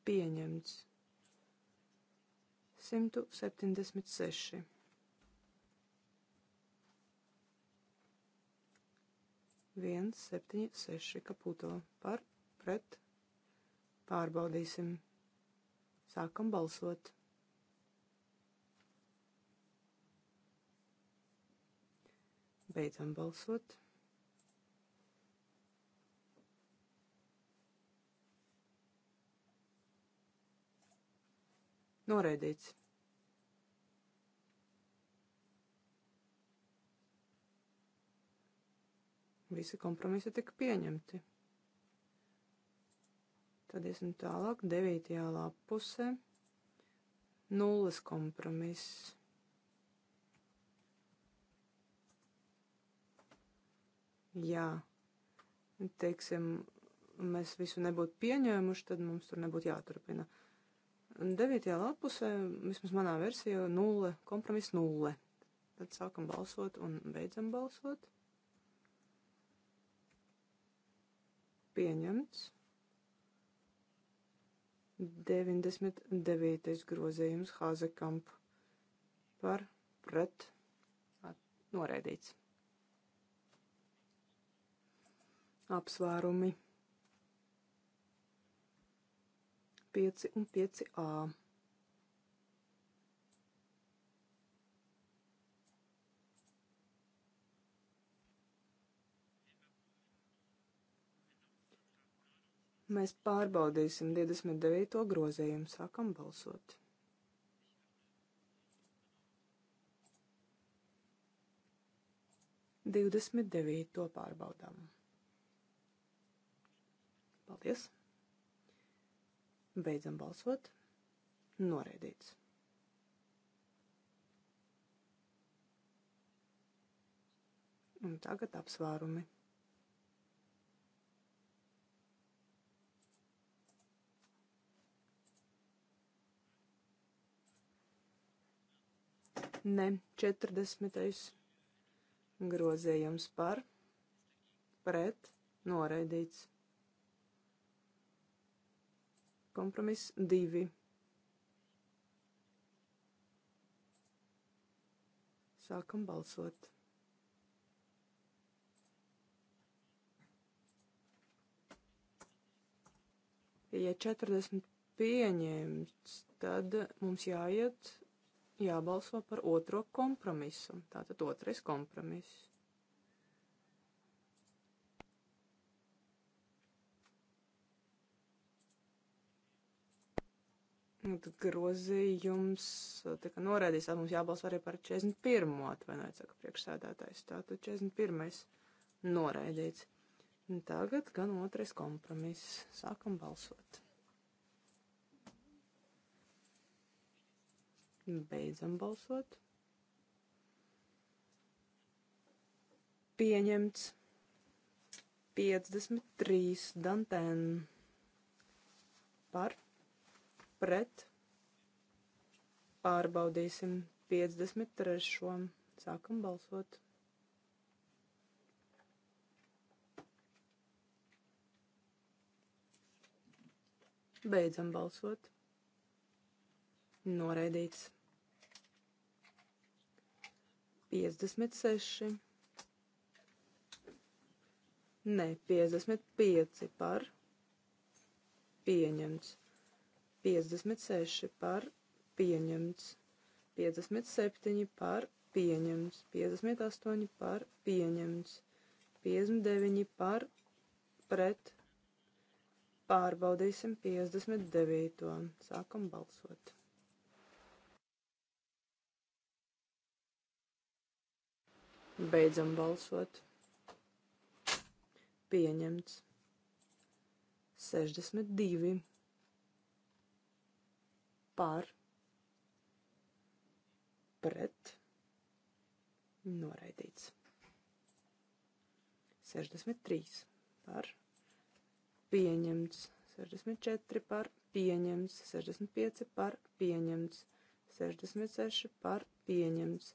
Pieņemts 176. 176 kaputo par pret. Pārbaudīsim. Sākam balsot. Beidzam balsot. Noraidīts. Visi kompromisi tika pieņemti. Tad iesim tālāk, 9. lapusē, nulles kompromiss. Jā, teiksim, mēs visu nebūtu pieņēmuši, tad mums tur nebūtu jāturpina. 9. lapusē, vismaz manā versijā, nulle, kompromiss nulle. Tad sākam balsot un beidzam balsot. pieņemts. 99. grozījums Hāzekamp par pret noraidīts. Apsvērumi 5 un 5a. Mēs pārbaudīsim 29. grozījumu, sākam balsot. Divdesmit devīto pārbaudām. Paldies! Beidzam balsot. Noreidīts. Un tagad apsvērumi. Ne, 40. grozējums par, pret, noraidīts. Kompromiss 2. Sākam balsot. Ja 40 pieņemts, tad mums jāiet jābalso par otro kompromisu. Tātad otrais kompromiss. Nu, tad grozījums uh, tika norādīts, tad mums jābalso arī par 41. atvainojiet, saka priekšsēdētājs. Tātad 41. noraidīts. Tagad gan otrais kompromiss. Sākam balsot. Beidzam balsot. Pieņemts 53 Dantēn par pret. Pārbaudīsim 53. Sākam balsot. Beidzam balsot noraidīts. 56. Nē, 55 par pieņemts. 56 par pieņemts. 57 par pieņemts. 58 par pieņemts. 59 par pret. Pārbaudīsim 59. Sākam balsot. Beidzam balsot. Pieņemts. 62 par pret noraidīts. 63 par pieņemts, 64 par pieņemts, 65 par pieņemts, 66 par pieņemts,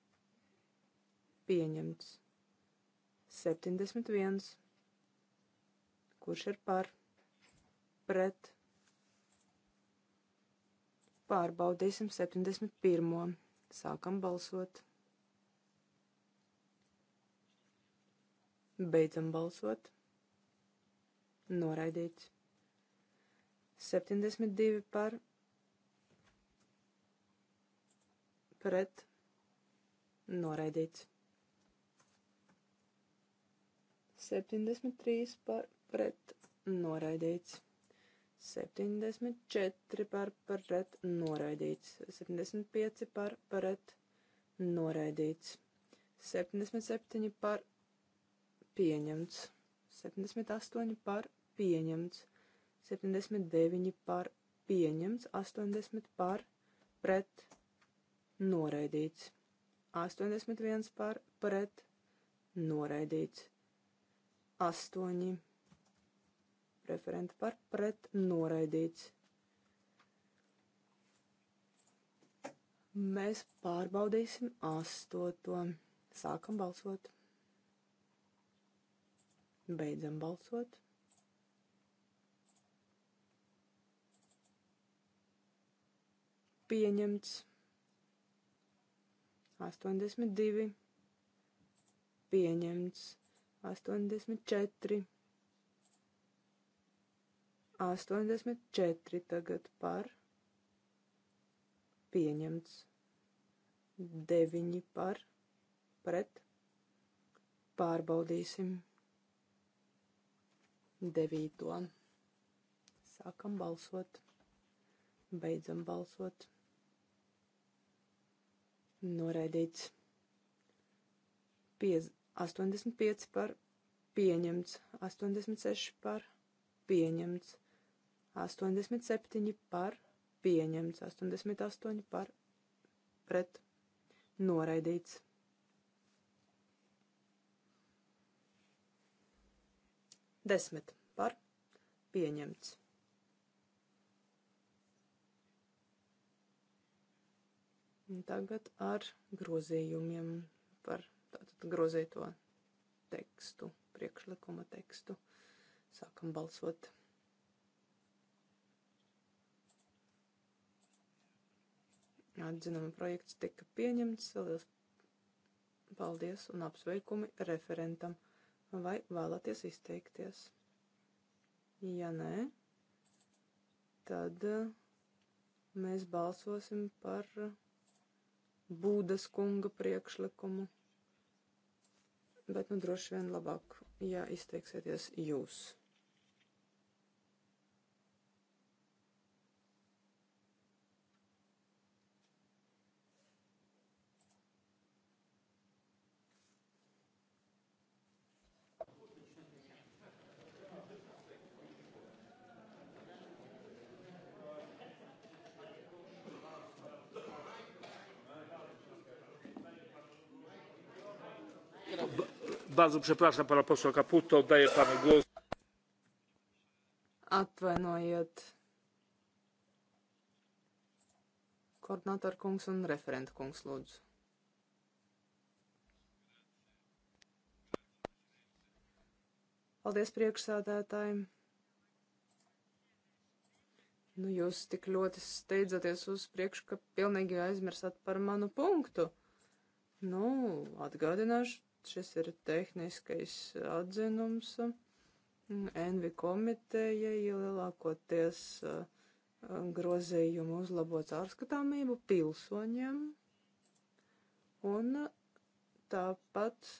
pieņemts. 71. Kurš ir par? Pret. Pārbaudīsim 71. Sākam balsot. Beidzam balsot. Noraidīts. 72 par pret noraidīts. 73 par pret noraidīts. 74 par pret noraidīts. 75 par pret noraidīts. 77 par pieņemts. 78 par pieņemts. 79 par pieņemts. 80 par pret noraidīts. 81 par pret noraidīts astoņi. Referenti par pret noraidīts. Mēs pārbaudīsim astoto. Sākam balsot. Beidzam balsot. Pieņemts 82. Pieņemts 84. 84 tagad par pieņemts. 9 par pret pārbaudīsim. 9. Sākam balsot. Beidzam balsot. Noraidīts. 50. 85 par pieņemts, 86 par pieņemts, 87 par pieņemts, 88 par pret noraidīts. Desmit par pieņemts. Tagad ar grozījumiem par grozīto tekstu, priekšlikuma tekstu. Sākam balsot. Atzinuma projekts tika pieņemts. Liels paldies un apsveikumi referentam. Vai vēlaties izteikties? Ja nē, tad eh, mēs balsosim par Būdas kunga priekšlikumu bet nu droši vien labāk, ja izteiksieties jūs.
Bardzo przepraszam pana posła Kaputo, oddaję panu głos.
Atvainojiet. Koordinātor kungs un referent kungs lūdzu. Paldies priekšsādātājiem. Nu, jūs tik ļoti steidzaties uz priekšu, ka pilnīgi aizmirsāt par manu punktu. Nu, atgādināšu Šis ir tehniskais atzinums. Envi komiteja ielielākoties uh, grozījumu uzlabot caurskatāmību pilsoņiem. Un uh, tāpat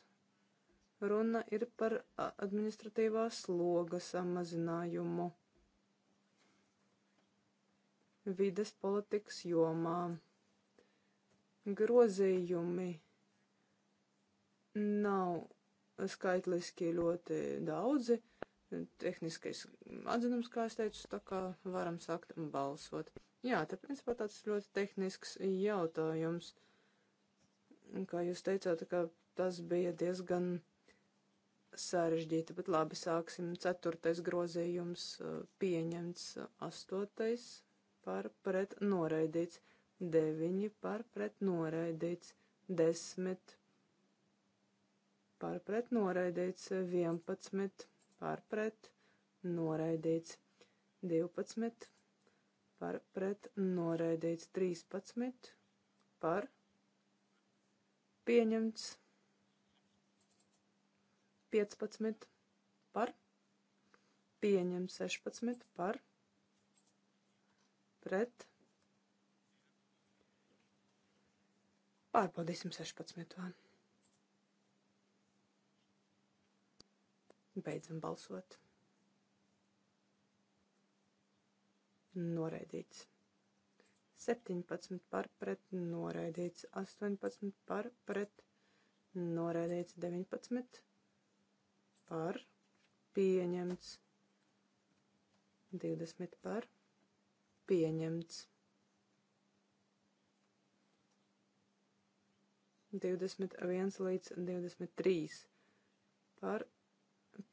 runa ir par uh, administratīvās slogas samazinājumu vides politikas jomā. Grozījumi nav skaitliski ļoti daudzi. Tehniskais atzinums, kā es teicu, tā kā varam sākt balsot. Jā, te principā tāds ļoti tehnisks jautājums. Kā jūs teicāt, ka tas bija diezgan sarežģīti, bet labi, sāksim. Ceturtais grozījums uh, pieņemts, astotais par pret noraidīts, deviņi par pret noraidīts, desmit pārpret noraidīts, 11 pārpret noraidīts, 12 pārpret noraidīts, 13 par pieņemts, 15 par pieņemts, 16 par pret pārbaudīsim 16. Vānu. Beidzam balsot. Noraidīts. 17 par pret, noraidīts 18 par pret, noraidīts 19 par, pieņemts 20 par, pieņemts 21 līdz 23 par,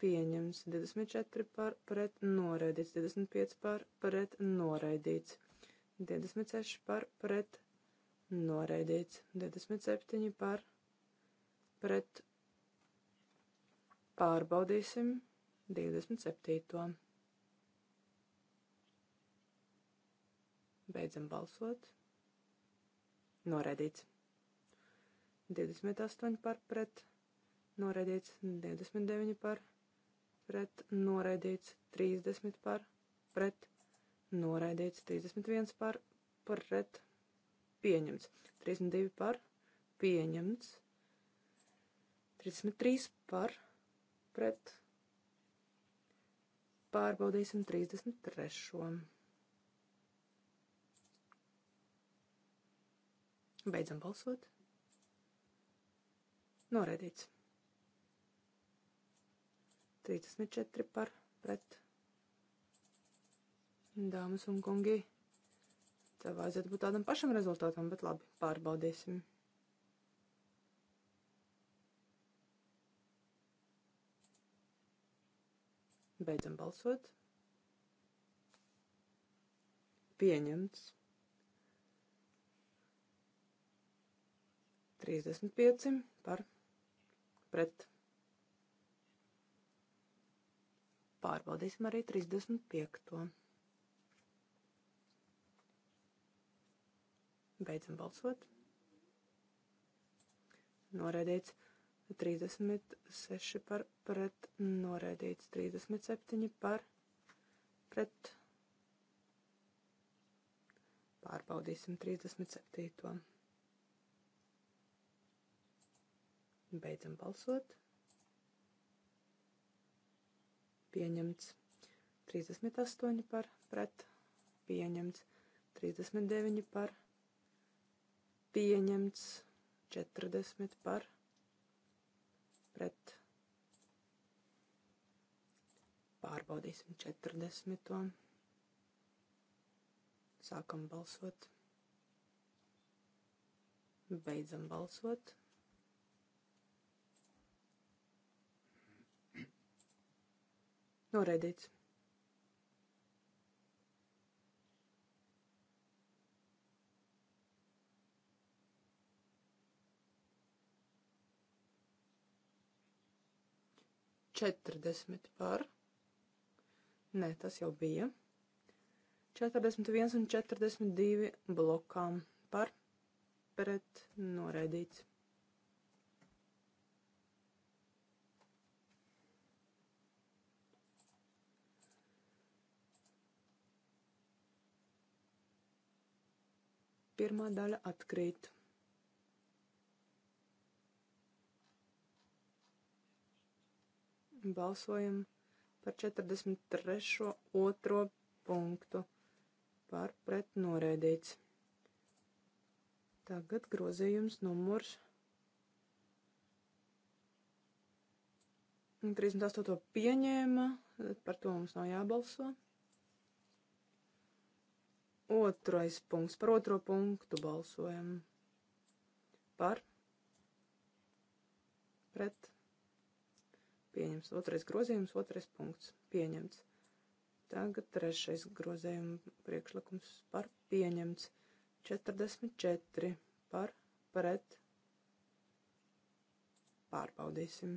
pieņems 24 par pret noraidīts, 25 par pret noraidīts, 26 par pret noraidīts, 27 par pret pārbaudīsim 27. Beidzam balsot. Noraidīts. 28 par pret noraidīts 29 par, pret noraidīts 30 par, pret noraidīts 31 par, pret pieņemts 32 par, pieņemts 33 par, pret pārbaudīsim 33. Beidzam balsot. Noraidīts. 34 par pret. Dāmas un kungi, tā vajadzētu būt tādam pašam rezultātam, bet labi, pārbaudīsim. Beidzam balsot. Pieņemts. 35 par pret. Pārbaudīsim arī 35. Beidzam balsot. Noraidīts 36 par pret, noraidīts 37 par pret. Pārbaudīsim 37. Beidzam balsot pieņemts. 38 par pret pieņemts. 39 par pieņemts. 40 par pret. Pārbaudīsim 40. Sākam balsot. Beidzam balsot. Noraidīts. Četrdesmit par. Nē, tas jau bija. 41 un 42 blokām par pret noraidīts. Pirmā daļa atkrīt. Balsojam par 43. otro punktu par pret noraidīts. Tagad grozījums numurs 38. pieņēma, par to mums nav jābalso. Otrais punkts. Par otro punktu balsojam. Par. Pret. Pieņemts. Otrais grozījums, otrais punkts. Pieņemts. Tagad trešais grozījuma priekšlikums par pieņemts. 44 par pret. Pārbaudīsim.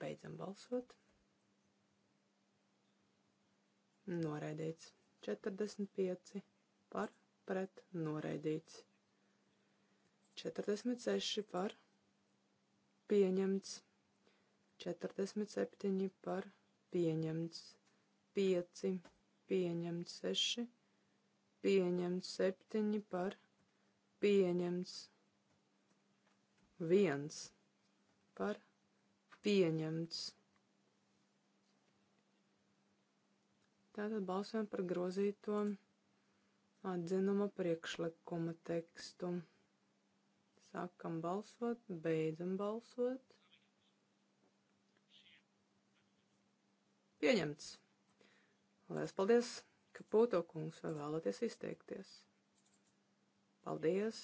Beidzam balsot. Noraidīts. 45 par pret noraidīts. 46 par pieņemts. 47 par pieņemts. 5 pieņemts. 6 pieņemts. 7 par pieņemts. 1 par pieņemts pieņemts. Tātad balsojam par grozīto atzinuma priekšlikuma tekstu. Sākam balsot, beidzam balsot. Pieņemts. Lielas paldies, ka Pūto kungs vai vēlaties izteikties. Paldies.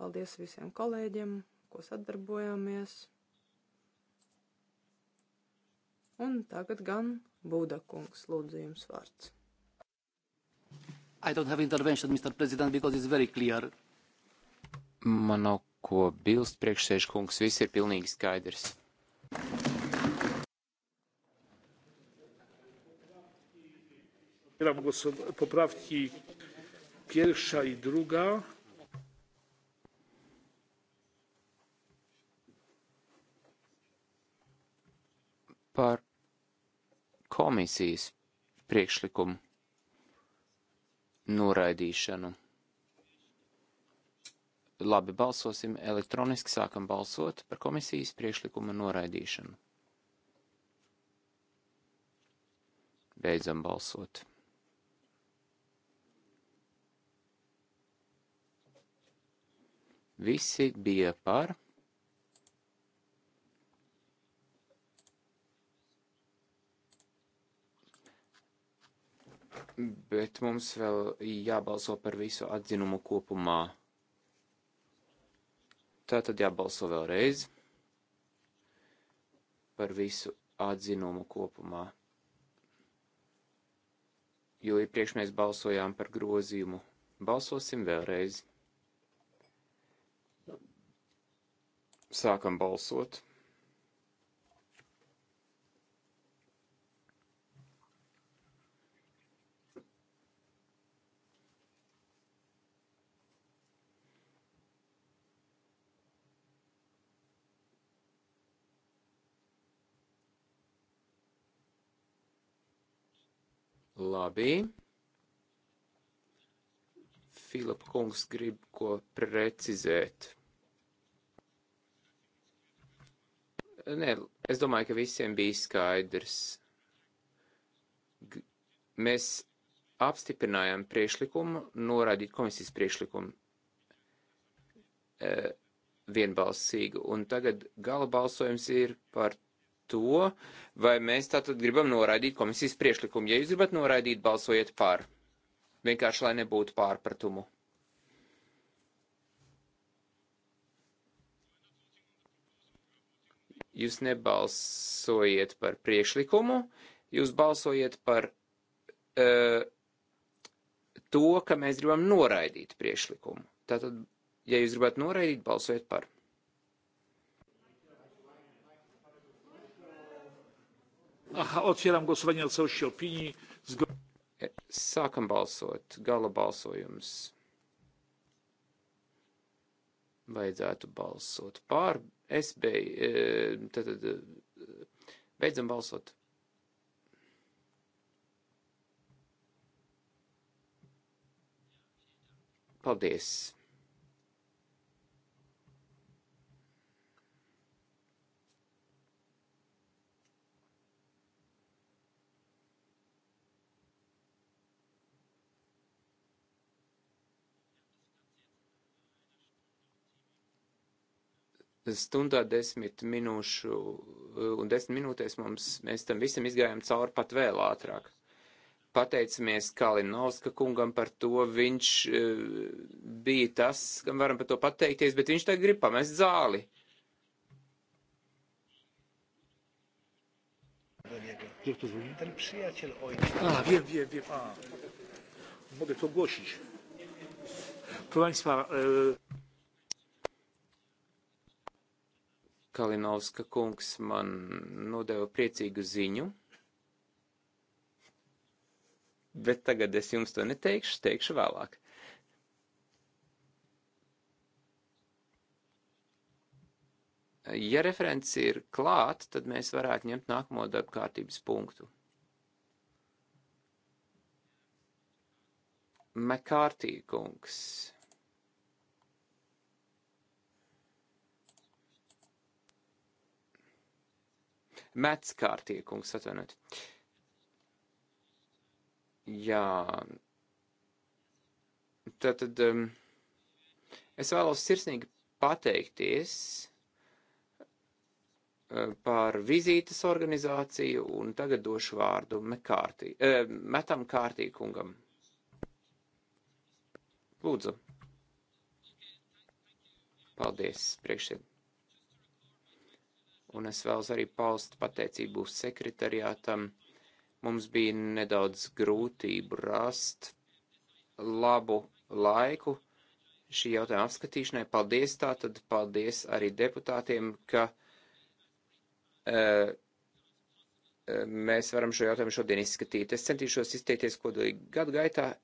Paldies visiem kolēģiem ko sadarbojāmies. Un tagad gan Būdakungs lūdzu jums vārds.
I don't have intervention, Mr. President, because it's very clear.
Man nav ko bilst priekšsēž kungs, viss ir pilnīgi skaidrs.
poprawki pierwsza i druga
par komisijas priekšlikumu noraidīšanu. Labi, balsosim elektroniski, sākam balsot par komisijas priekšlikuma noraidīšanu. Beidzam balsot. Visi bija par. bet mums vēl jābalso par visu atzinumu kopumā. Tā tad jābalso vēlreiz par visu atzinumu kopumā. Jo iepriekš mēs balsojām par grozījumu. Balsosim vēlreiz. Sākam balsot. Labi. Filipa kungs grib ko precizēt. Nē, es domāju, ka visiem bija skaidrs. G mēs apstiprinājām priešlikumu, norādīt komisijas priešlikumu e, vienbalsīgi, un tagad gala balsojums ir par to, vai mēs tātad gribam noraidīt komisijas priešlikumu. Ja jūs gribat noraidīt, balsojiet par. Vienkārši, lai nebūtu pārpratumu. Jūs nebalsojiet par priešlikumu, jūs balsojiet par uh, to, ka mēs gribam noraidīt priešlikumu. Tātad, ja jūs gribat noraidīt, balsojiet par. Aha, otwieram głosowanie na całości opinii. Zgo... E, sākam balsot. Gala balsojums. Vajadzētu balsot pār. Es beidzu. Tad e, beidzam balsot. Paldies! stundā desmit minūšu eh, un desmit minūtēs mums, mēs tam visam izgājām cauri pat vēl ātrāk. Pateicamies Kalinovska kungam par to, viņš eh, bija tas, kam varam par to pateikties, bet viņš tagad grib pamest zāli.
Ten przyjaciel ojca. A, wiem, wiem, wiem. A, mogę to ogłosić. Proszę Państwa, e...
Kalinovska kungs man nodeva priecīgu ziņu, bet tagad es jums to neteikšu, teikšu vēlāk. Ja referents ir klāt, tad mēs varētu ņemt nākamo darba kārtības punktu. Mekārtī kungs. Mets kārtie, kungs, atvainojiet. Jā. Tātad um, es vēlos sirsnīgi pateikties uh, par vizītes organizāciju un tagad došu vārdu mekārtī, eh, uh, metam kārtīkungam. Lūdzu. Paldies, priekšsēd un es vēlos arī paust pateicību sekretariātam. Mums bija nedaudz grūtību rast labu laiku šī jautājuma apskatīšanai. Paldies tā, tad paldies arī deputātiem, ka uh, mēs varam šo jautājumu šodien izskatīt. Es centīšos izteikties kodolīgi gadu gaitā. Uh,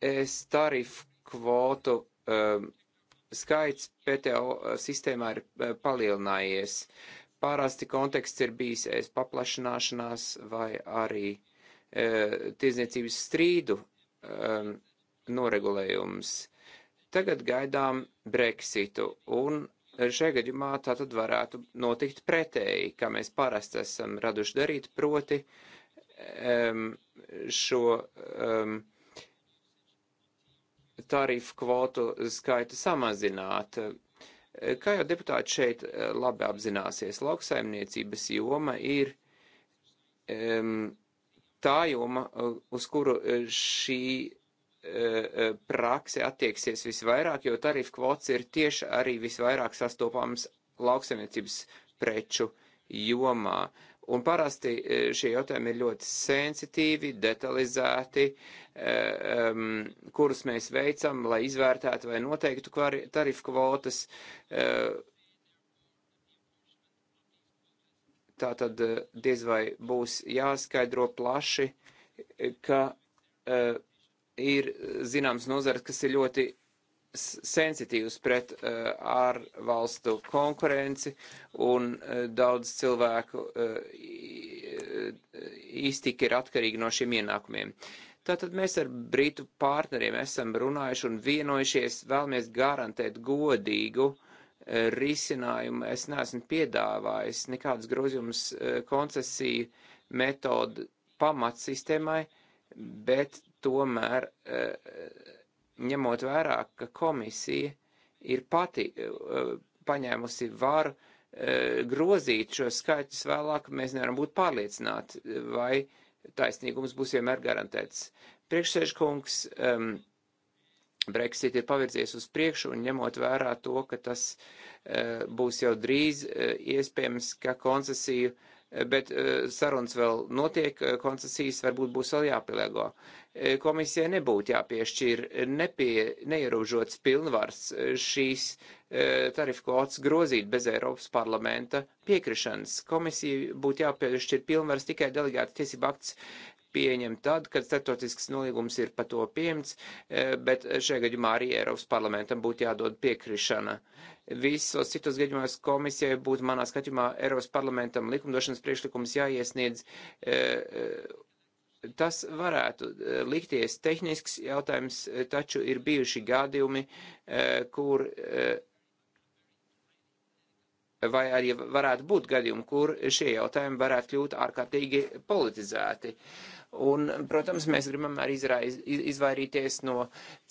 es tarifu kvotu. Uh, skaits PTO eh, sistēmā ir eh, palielinājies. Pārasti konteksts ir bijis es eh, paplašanāšanās vai arī e, tiesniecības strīdu e, noregulējums. Tagad gaidām Brexitu un šajā gadījumā tā tad varētu notikt pretēji, kā mēs parasti esam raduši darīt, proti um, šo um, tarifu kvotu skaitu samazināt. Kā jau deputāti šeit eh, labi apzināsies, lauksaimniecības joma ir um, tā joma, eh, uz kuru eh, šī uh, prakse attieksies visvairāk, jo tarifu kvots ir tieši arī visvairāk sastopams lauksaimniecības preču jomā. Uh, Un parasti e, šie jautājumi ir ļoti sensitīvi, detalizēti, um, kurus mēs veicam, lai izvērtētu vai noteiktu tarifu kvotas. Uh, tā tad diez vai būs jāskaidro plaši, ka uh, ir zināms nozars, kas ir ļoti sensitīvs pret uh, ārvalstu konkurenci un uh, daudz cilvēku uh, iztika ir atkarīgi no šiem ienākumiem. Tātad mēs ar Britu partneriem esam runājuši un vienojušies, vēlamies garantēt godīgu uh, risinājumu. Es neesmu piedāvājis nekādas grozījumus uh, koncesiju metodu pamatsistēmai, bet tomēr uh, ņemot vērā, ka komisija ir pati uh, paņēmusi varu uh, grozīt šo skaitļus vēlāk, mēs nevaram būt pārliecināti, vai taisnīgums būs vienmēr garantēts. Priekšsēžkungs um, Brexit ir pavirzies uz priekšu un ņemot vērā to, ka tas uh, būs jau drīz uh, iespējams, ka koncesiju uh, bet eh, sarunas vēl notiek, eh, koncesijas varbūt būs vēl jāpielāgo. Eh, komisijai nebūtu jāpiešķir nepie, neierobežots pilnvars šīs tarifu kvotas grozīt bez Eiropas parlamenta piekrišanas. Komisija būtu jāpiešķir pilnvars tikai delegēta tiesība akts pieņem tad, kad starptautisks nolīgums ir pa to pieņemts, eh, bet šajā gadījumā arī Eiropas parlamentam būtu jādod piekrišana. Visos citos gadījumos komisijai būtu manā skatījumā Eiropas parlamentam likumdošanas priekšlikums jāiesniedz eh, tas varētu eh, likties tehnisks jautājums, taču ir bijuši gadījumi, kur vai arī varētu būt gadījumi, kur šie jautājumi varētu kļūt ārkārtīgi politizēti. Uh, Un, protams, mēs gribam arī izraiz, izvairīties no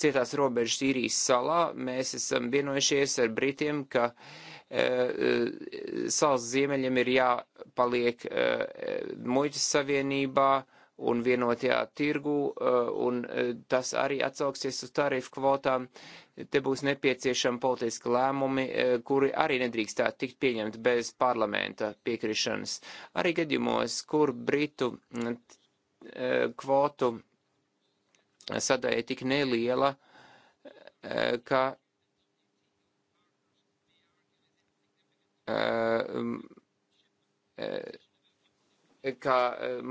cietās robežas īrijas salā. Mēs esam vienojušies ar Britiem, ka e, e salas ziemeļiem ir jāpaliek e, e, muitas savienībā un vienotajā tirgu, e, un e, tas arī atsauksies uz tarifu kvotām. Te būs nepieciešami politiski lēmumi, e, kuri arī nedrīkstētu tikt pieņemti bez parlamenta piekrišanas. Arī gadījumos, kur Britu. E, E, kvotu sadaļa tik neliela, e, ka e, ka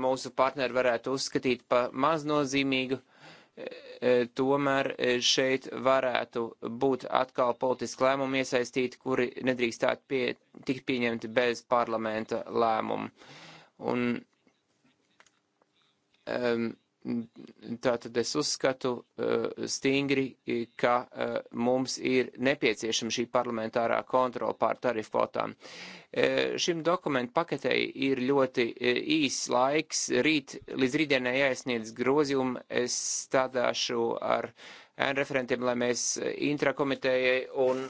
mūsu partneri varētu uzskatīt par maznozīmīgu, tomēr šeit varētu būt atkal politiski lēmumi iesaistīti, kuri nedrīkstētu pie, tikt pieņemti bez parlamenta lēmumu. Un Ehm, tātad es uzskatu eh, stingri, ka eh, mums ir nepieciešama šī parlamentārā kontrola pār tarifu kvotām. Eh, šim dokumentu paketei ir ļoti īs laiks. Rīt, līdz rītdienai jāiesniedz grozījumi. Es stādāšu ar referentiem, lai mēs intrakomitējai un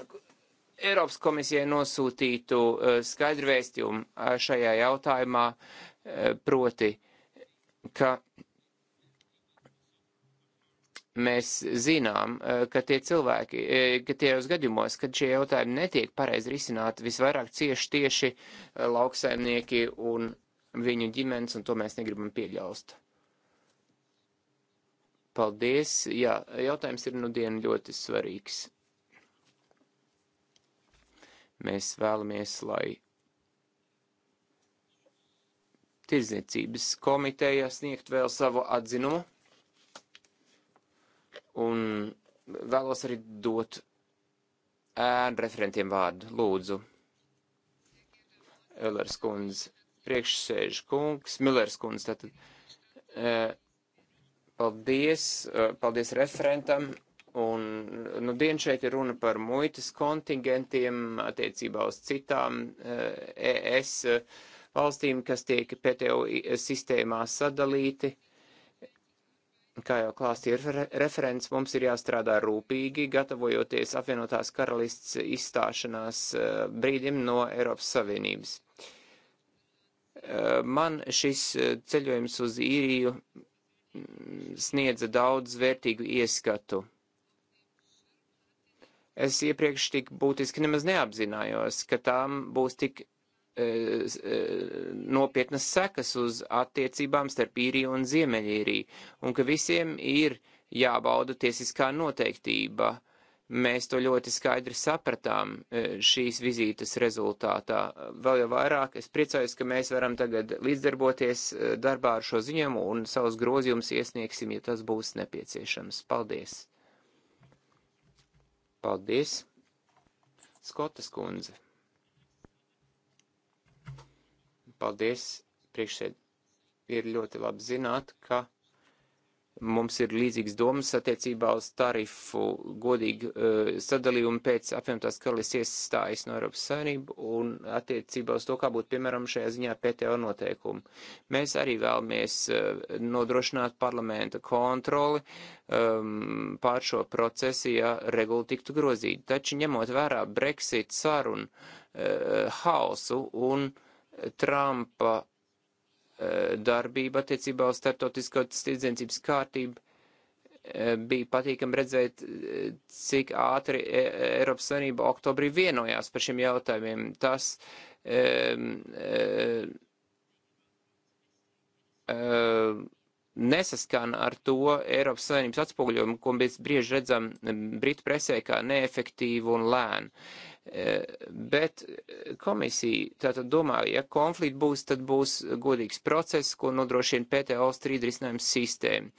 Eiropas komisijai nosūtītu skaidru vēstījumu šajā jautājumā proti ka mēs zinām, eh, ka tie cilvēki, eh, ka tajos gadījumos, kad šie jautājumi netiek pareizi risināti, visvairāk cieši tieši eh, lauksaimnieki un viņu ģimenes, un to mēs negribam pieļaust. Paldies. Jā, jautājums ir nudien ļoti svarīgs. Mēs vēlamies, lai tirzniecības komiteja sniegt vēl savu atzinumu un vēlos arī dot ēnu referentiem vārdu. Lūdzu, Ellers kundze, priekšsēž kungs, Millers kundze, tātad. E, paldies, e, paldies referentam. Un, nu, dien šeit ir runa par muitas kontingentiem attiecībā uz citām e, ES. E, valstīm, kas tiek PTO sistēmā sadalīti. Kā jau klāstīja refer referents, mums ir jāstrādā rūpīgi, gatavojoties apvienotās karalists izstāšanās e, brīdim no Eiropas Savienības. E, man šis e, ceļojums uz īriju mm, sniedza daudz vērtīgu ieskatu. Es iepriekš tik būtiski nemaz neapzinājos, ka tām būs tik E, e, nopietnas sekas uz attiecībām starp īriju un ziemeļīriju, un ka visiem ir jābauda tiesiskā noteiktība. Mēs to ļoti skaidri sapratām e, šīs vizītes rezultātā. Vēl jau vairāk es priecājos, ka mēs varam tagad līdzdarboties darbā ar šo ziņojumu un savus grozījumus iesniegsim, ja tas būs nepieciešams. Paldies! Paldies! Skotas kundze! Paldies, priekšsēd. Ir ļoti labi zināt, ka mums ir līdzīgas domas attiecībā uz tarifu godīgu uh, sadalījumu pēc apvienotās karalists iestājas no Eiropas Savienību un attiecībā uz to, kā būtu, piemēram, šajā ziņā PTO noteikumi. Mēs arī vēlamies uh, nodrošināt parlamenta kontroli um, pār šo procesu, ja regula tiktu grozīta. Taču ņemot vērā Brexit sarunu uh, eh, hausu un uh, Trumpa eh, darbība attiecībā uz starptautisko tirdzniecības kārtību. Eh, bija patīkami redzēt, eh, cik ātri Eiropas Savienība oktobrī vienojās par šiem jautājumiem. Tas um, um, nesaskan ar to Eiropas Savienības atspoguļojumu, ko mēs brieži redzam Britu presē kā neefektīvu un lēnu. Uh, Eh, bet eh, komisija tātad domā, ja konflikti būs, tad būs godīgs process, ko nodrošina PTO strīd risinājums sistēma.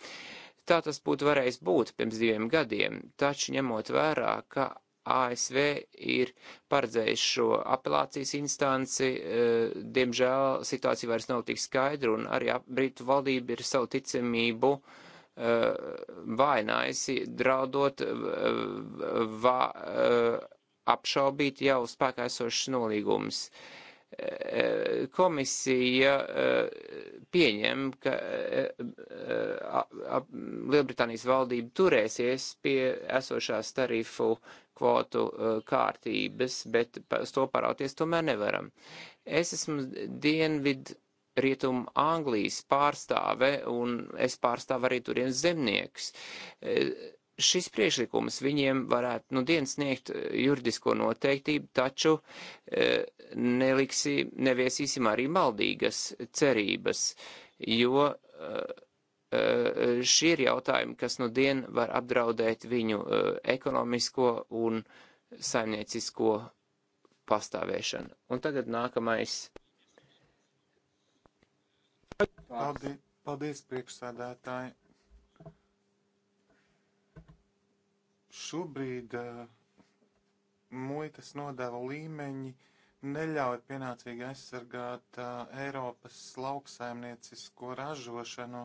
Tā tas būtu varējis būt pirms diviem gadiem, taču ņemot vērā, ka ASV ir paredzējis šo apelācijas instanci, eh, diemžēl situācija vairs nav tik skaidra, un arī Britu valdība ir savu ticamību vainājusi, draudot vā, apšaubīt jau spēkā esošas nolīgumus. E, komisija e, pieņem, ka e, Lielbritānijas valdība turēsies pie esošās tarifu kvotu kārtības, bet uz to parauties tomēr nevaram. Es esmu dienvidu rietumu Anglijas pārstāve, un es pārstāvu arī turienes zemniekus šis priekšlikums viņiem varētu nu dienas sniegt eh, juridisko noteiktību, taču eh, neliksi, neviesīsim arī maldīgas cerības, jo eh, šie ir jautājumi, kas nu dien var apdraudēt viņu ekonomisko un saimniecisko pastāvēšanu. Un tagad nākamais.
Paldies, paldies priekšsēdētāji. Šobrīd uh, muitas nodevu līmeņi neļauj pienācīgi aizsargāt uh, Eiropas lauksaimniecisko ražošanu,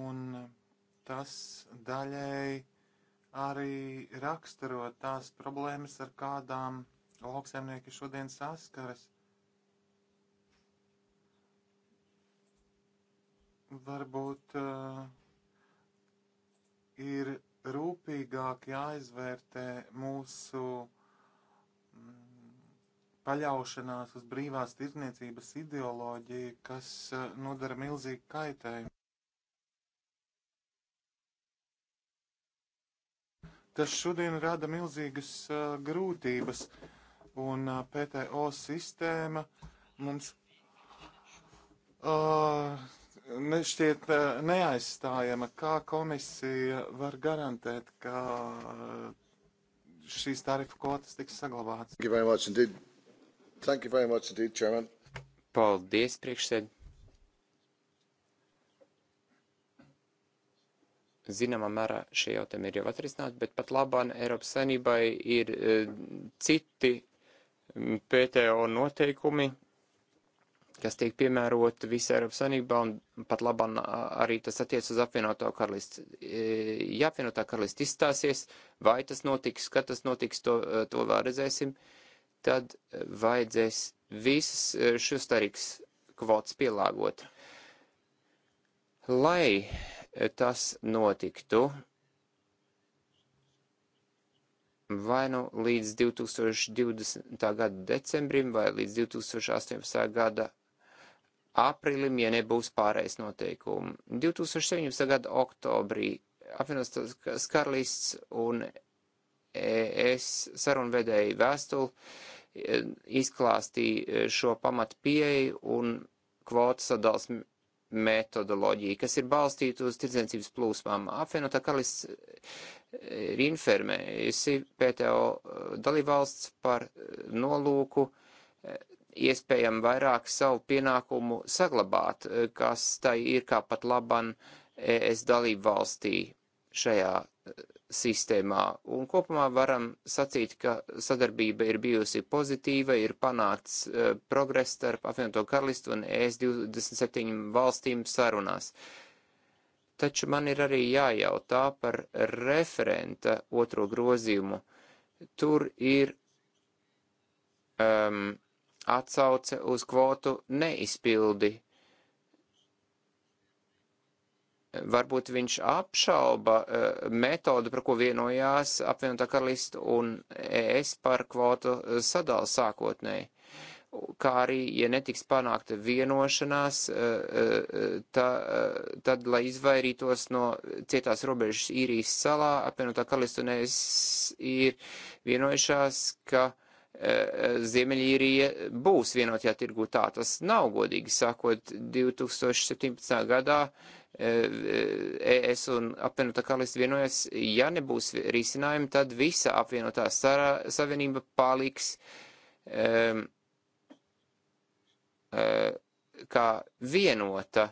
un tas daļēji arī raksturo tās problēmas, ar kādām lauksaimnieki šodien saskaras. Varbūt uh, ir rūpīgāk jāizvērtē mūsu mm, paļaušanās uz brīvās tirdzniecības ideoloģiju, kas eh, nodara milzīgu kaitējumu. Tas šodien rada milzīgas uh, grūtības, un uh, eh, PTO sistēma mums uh, šķiet eh, neaizstājama. Kā komisija var garantēt, ka eh, šīs tarifu kvotas tiks saglabātas?
Indeed,
Paldies, priekšsēd. Zināmā mērā šie jautājumi ir jau atrisināti, bet pat labāk Eiropas saimnībai ir e, citi PTO noteikumi, kas tiek piemērota visā Eiropas Savienībā, un pat labam arī tas attiec uz apvienoto karalisti. E, ja apvienotā karalisti izstāsies, vai tas notiks, kad tas notiks, to, e, to vēl redzēsim, tad vajadzēs visas e, šis tarīgs kvots pielāgot. Lai tas notiktu, vai nu līdz 2020. gada decembrim, vai līdz 2018. gada aprīlim, ja nebūs pārējais noteikumi. 2017. gada oktobrī apvienotās karalists un es sarunvedēju vēstuli e, izklāstīju e, šo pamatu pieeju un kvotas sadals metodoloģiju, kas ir balstīta uz tirdzniecības plūsmām. Apvienotā karalists e, ir informējusi PTO dalībvalsts par nolūku iespējami vairāk savu pienākumu saglabāt, eh, kas tai ir kā pat laban eh, es dalību valstī šajā eh, sistēmā. Un kopumā varam sacīt, ka sadarbība ir bijusi pozitīva, ir panākts uh, progress starp apvienoto karalistu un e ES 27 valstīm sarunās. Taču man ir arī jājautā par referenta otro grozījumu. Tur ir um, atsauce uz kvotu neizpildi. Varbūt viņš apšauba uh, metodu, par ko vienojās apvienotā karalista un ES par kvotu sadalu sākotnēji. Kā arī, ja netiks panākta vienošanās, uh, ta, uh, tad, lai izvairītos no cietās robežas īrijas salā, apvienotā karalista un ES ir vienojušās, ka uh, Eh, eh, Ziemeļīrija būs vienotajā tirgū tā. Tas nav godīgi sākot 2017. gadā. Eh, ES un apvienotā karalista vienojas, ja nebūs risinājumi, tad visa apvienotā sarā, savienība paliks um, uh, kā vienota.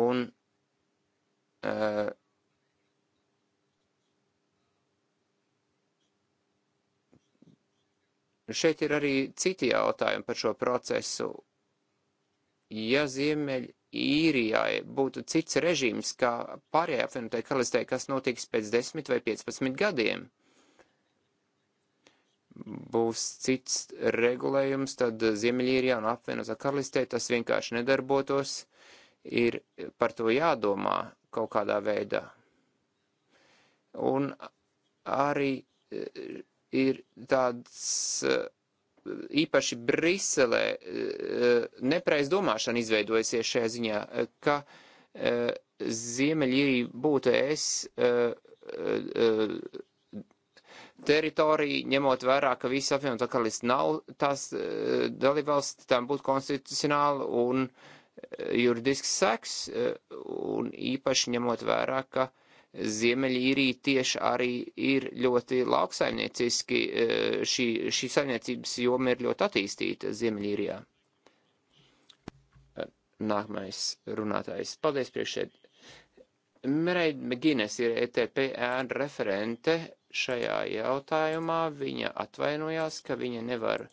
Un uh, Šeit ir arī citi jautājumi par šo procesu. Ja Ziemeļ īrijai būtu cits režīms, kā pārējā apvienotai karalistē, kas notiks pēc 10 vai 15 gadiem, būs cits regulējums, tad Ziemeļīrijā un apvienotā karalistē tas vienkārši nedarbotos, ir par to jādomā kaut kādā veidā. Un arī ir tāds eh, īpaši Briselē eh, nepreiz domāšana izveidojusies šajā ziņā, ka eh, Ziemeļīrija būtu es teritoriju, ņemot vērā, ka visi apvienotā karalists nav tās dalībvalsts, tam būtu konstitucionāli un juridiski seks, un īpaši ņemot vērā, ka uh, Ziemeļīrija tieši arī ir ļoti lauksaimnieciski, eh, šī, šī saimniecības joma ir ļoti attīstīta Ziemeļīrijā. Eh, nākamais runātājs. Paldies priekšēd. Mereid Megines ir ETP ēna referente šajā jautājumā. Viņa atvainojās, ka viņa nevar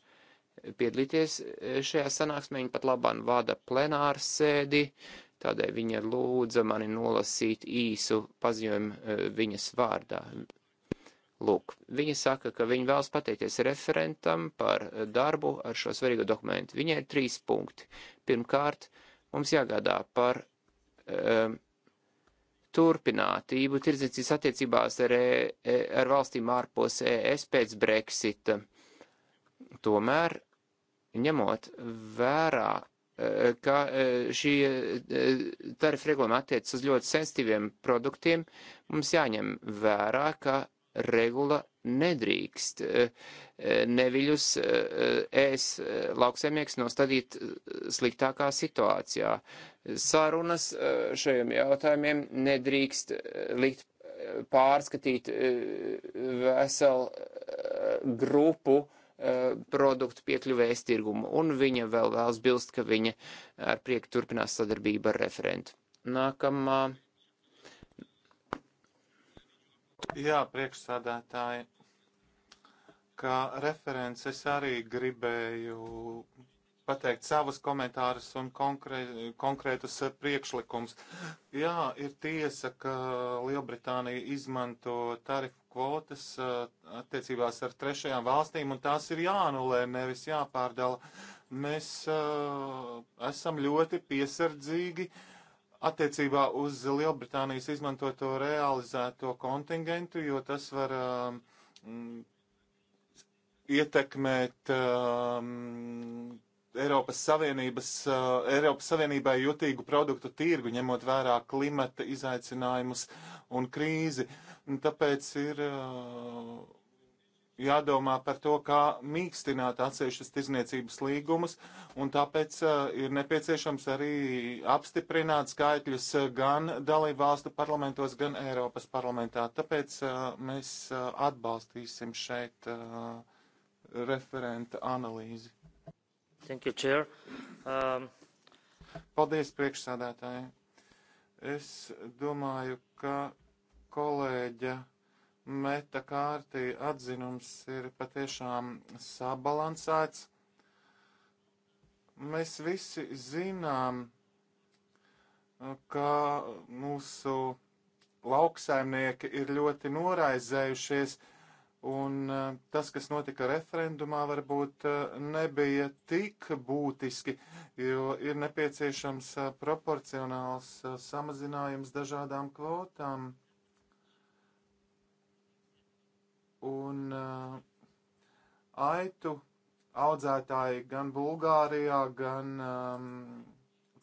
piedalīties eh, šajā sanāksmē. Viņa pat labāk vada plenāru sēdi. Uh, Tādēļ viņa lūdza mani nolasīt īsu paziņojumu e, viņas vārdā. Lūk, viņa saka, ka viņa vēlas pateikties referentam par e, darbu ar šo svarīgo dokumentu. Viņai ir trīs punkti. Pirmkārt, mums jāgādā par um, turpinātību tirdzniecības attiecībās ar, e, ar valstīm ārpus ES pēc Brexita. Tomēr, ņemot vērā ka e, šī e, tarifa regulējuma attiec uz ļoti sensitīviem produktiem, mums jāņem vērā, ka regula nedrīkst e, neviļus ēs lauksaimnieks nostādīt sliktākā situācijā. Sarunas šajiem jautājumiem nedrīkst likt pārskatīt veselu grupu Eh, produktu piekļuvējas tirgumu, un viņa vēl vēlas bilst, ka viņa ar prieku turpinās sadarbību ar referentu.
Nākamā. Jā, priekšsādātāji, kā referents es arī gribēju pateikt savus kommentārus un konkrē, konkrētus eh, priekšlikumus. Jā, ir tiesa, ka Lielbritānija izmanto tarifu kvotas attiecībās ar trešajām valstīm, un tās ir jāanulē, nevis jāpārdala. Mēs esam ļoti piesardzīgi attiecībā uz Lielbritānijas izmantoto realizēto kontingentu, jo tas var um, ietekmēt um, Eiropas, Savienības, uh, Eiropas Savienībai jutīgu produktu tirgu, ņemot vērā klimata izaicinājumus un krīzi. Uh, Un tāpēc ir jādomā par to, kā mīkstināt atsevišķas tirzniecības līgumus, un tāpēc ir nepieciešams arī apstiprināt skaitļus gan dalību valstu parlamentos, gan Eiropas parlamentā. Tāpēc mēs atbalstīsim šeit referenta analīzi. Thank you, Chair. Um... Paldies, priekšsādātāji. Es domāju, ka kolēģa Meta kārtī atzinums ir patiešām sabalansēts. Mēs visi zinām, ka mūsu lauksaimnieki ir ļoti noraizējušies, un e, tas, kas notika referendumā, varbūt e, nebija tik būtiski, jo ir nepieciešams e, proporcionāls samazinājums dažādām kvotām. un uh, aitu audzētāji gan Bulgārijā, gan um,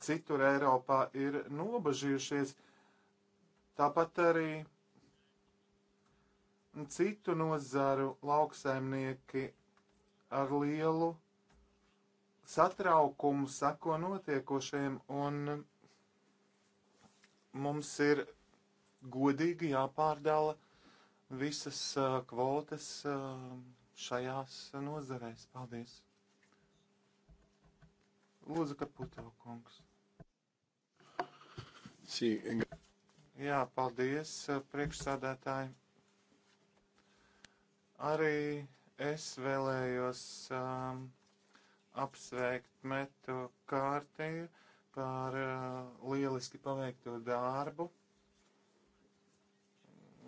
citur Eiropā ir nobažījušies. Tāpat arī citu nozaru lauksaimnieki ar lielu satraukumu sako notiekošiem, un mums ir godīgi jāpārdala visas uh, kvotas uh, šajās nozarēs. Paldies! Lūdzu, Kaputo kungs. Jā, paldies, priekšsādātāji. Arī es vēlējos um, apsveikt metu kārtību par uh, lieliski paveikto darbu.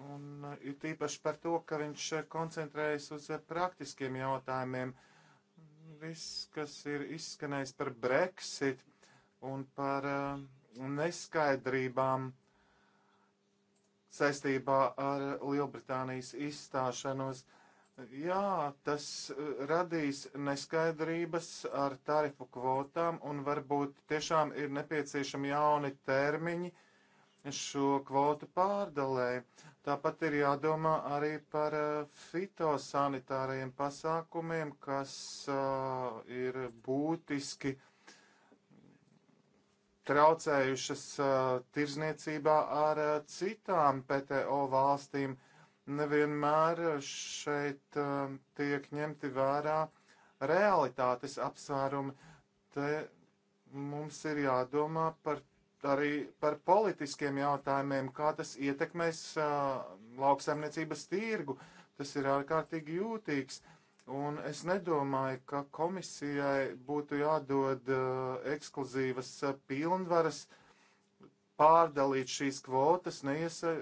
Un eh, it īpaši par to, ka viņš eh, koncentrējas uz eh, praktiskiem jautājumiem. Viss, kas ir izskanējis par Brexit un par uh, neskaidrībām saistībā ar Lielbritānijas izstāšanos, jā, tas radīs neskaidrības ar tarifu kvotām un varbūt tiešām ir nepieciešami jauni termiņi šo kvotu pārdalē. Tāpat ir jādomā arī par eh, fitosanitārajiem pasākumiem, kas uh, ir būtiski traucējušas uh, tirzniecībā ar uh, citām PTO valstīm. Nevienmēr šeit uh, tiek ņemti vērā realitātes apsvērumi. Te mums ir jādomā par arī par politiskiem jautājumiem, kā tas ietekmēs uh, lauksaimniecības tirgu. Tas ir ārkārtīgi jūtīgs. Un es nedomāju, ka komisijai būtu jādod uh, ekskluzīvas uh, pilnvaras pārdalīt šīs kvotas, neiesa,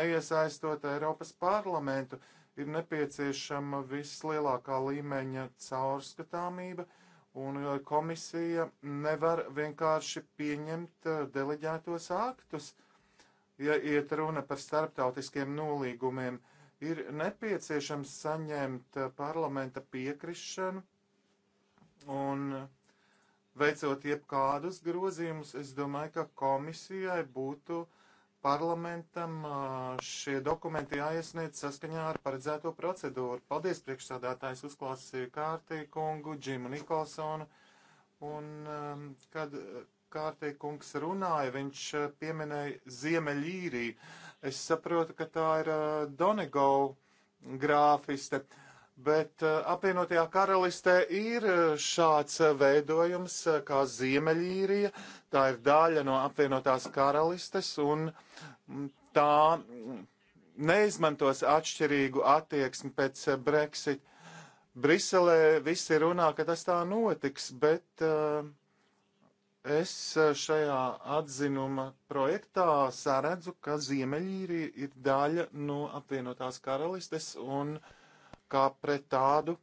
neiesaistot Eiropas parlamentu. Ir nepieciešama vislielākā līmeņa caurskatāmība. Uh, Un uh, komisija nevar vienkārši pieņemt uh, deleģētos aktus, ja iet runa par starptautiskiem nolīgumiem. Ir nepieciešams saņemt uh, parlamenta piekrišanu un veicot jebkādus grozījumus, es domāju, ka komisijai būtu uh, Parlamentam šie dokumenti jāiesniedz saskaņā ar paredzēto procedūru. Paldies priekšsādātājs uzklāsīja Kārtī kungu, Džimu Nikolsonu. Un kad Kārtī kungs runāja, viņš pieminēja Ziemeļīriju. Es saprotu, ka tā ir Donegau grāfiste. Uh, Bet eh, apvienotajā karalistē ir eh, šāds eh, veidojums kā Ziemeļīrija. Tā ir daļa no apvienotās karalistes un mm, tā mm, neizmantos atšķirīgu attieksmi pēc Brexit. Briselē visi runā, ka tas tā notiks, bet uh, es šajā atzinuma projektā saredzu, ka Ziemeļīrija ir daļa no apvienotās karalistes un uh, kā pret tādu,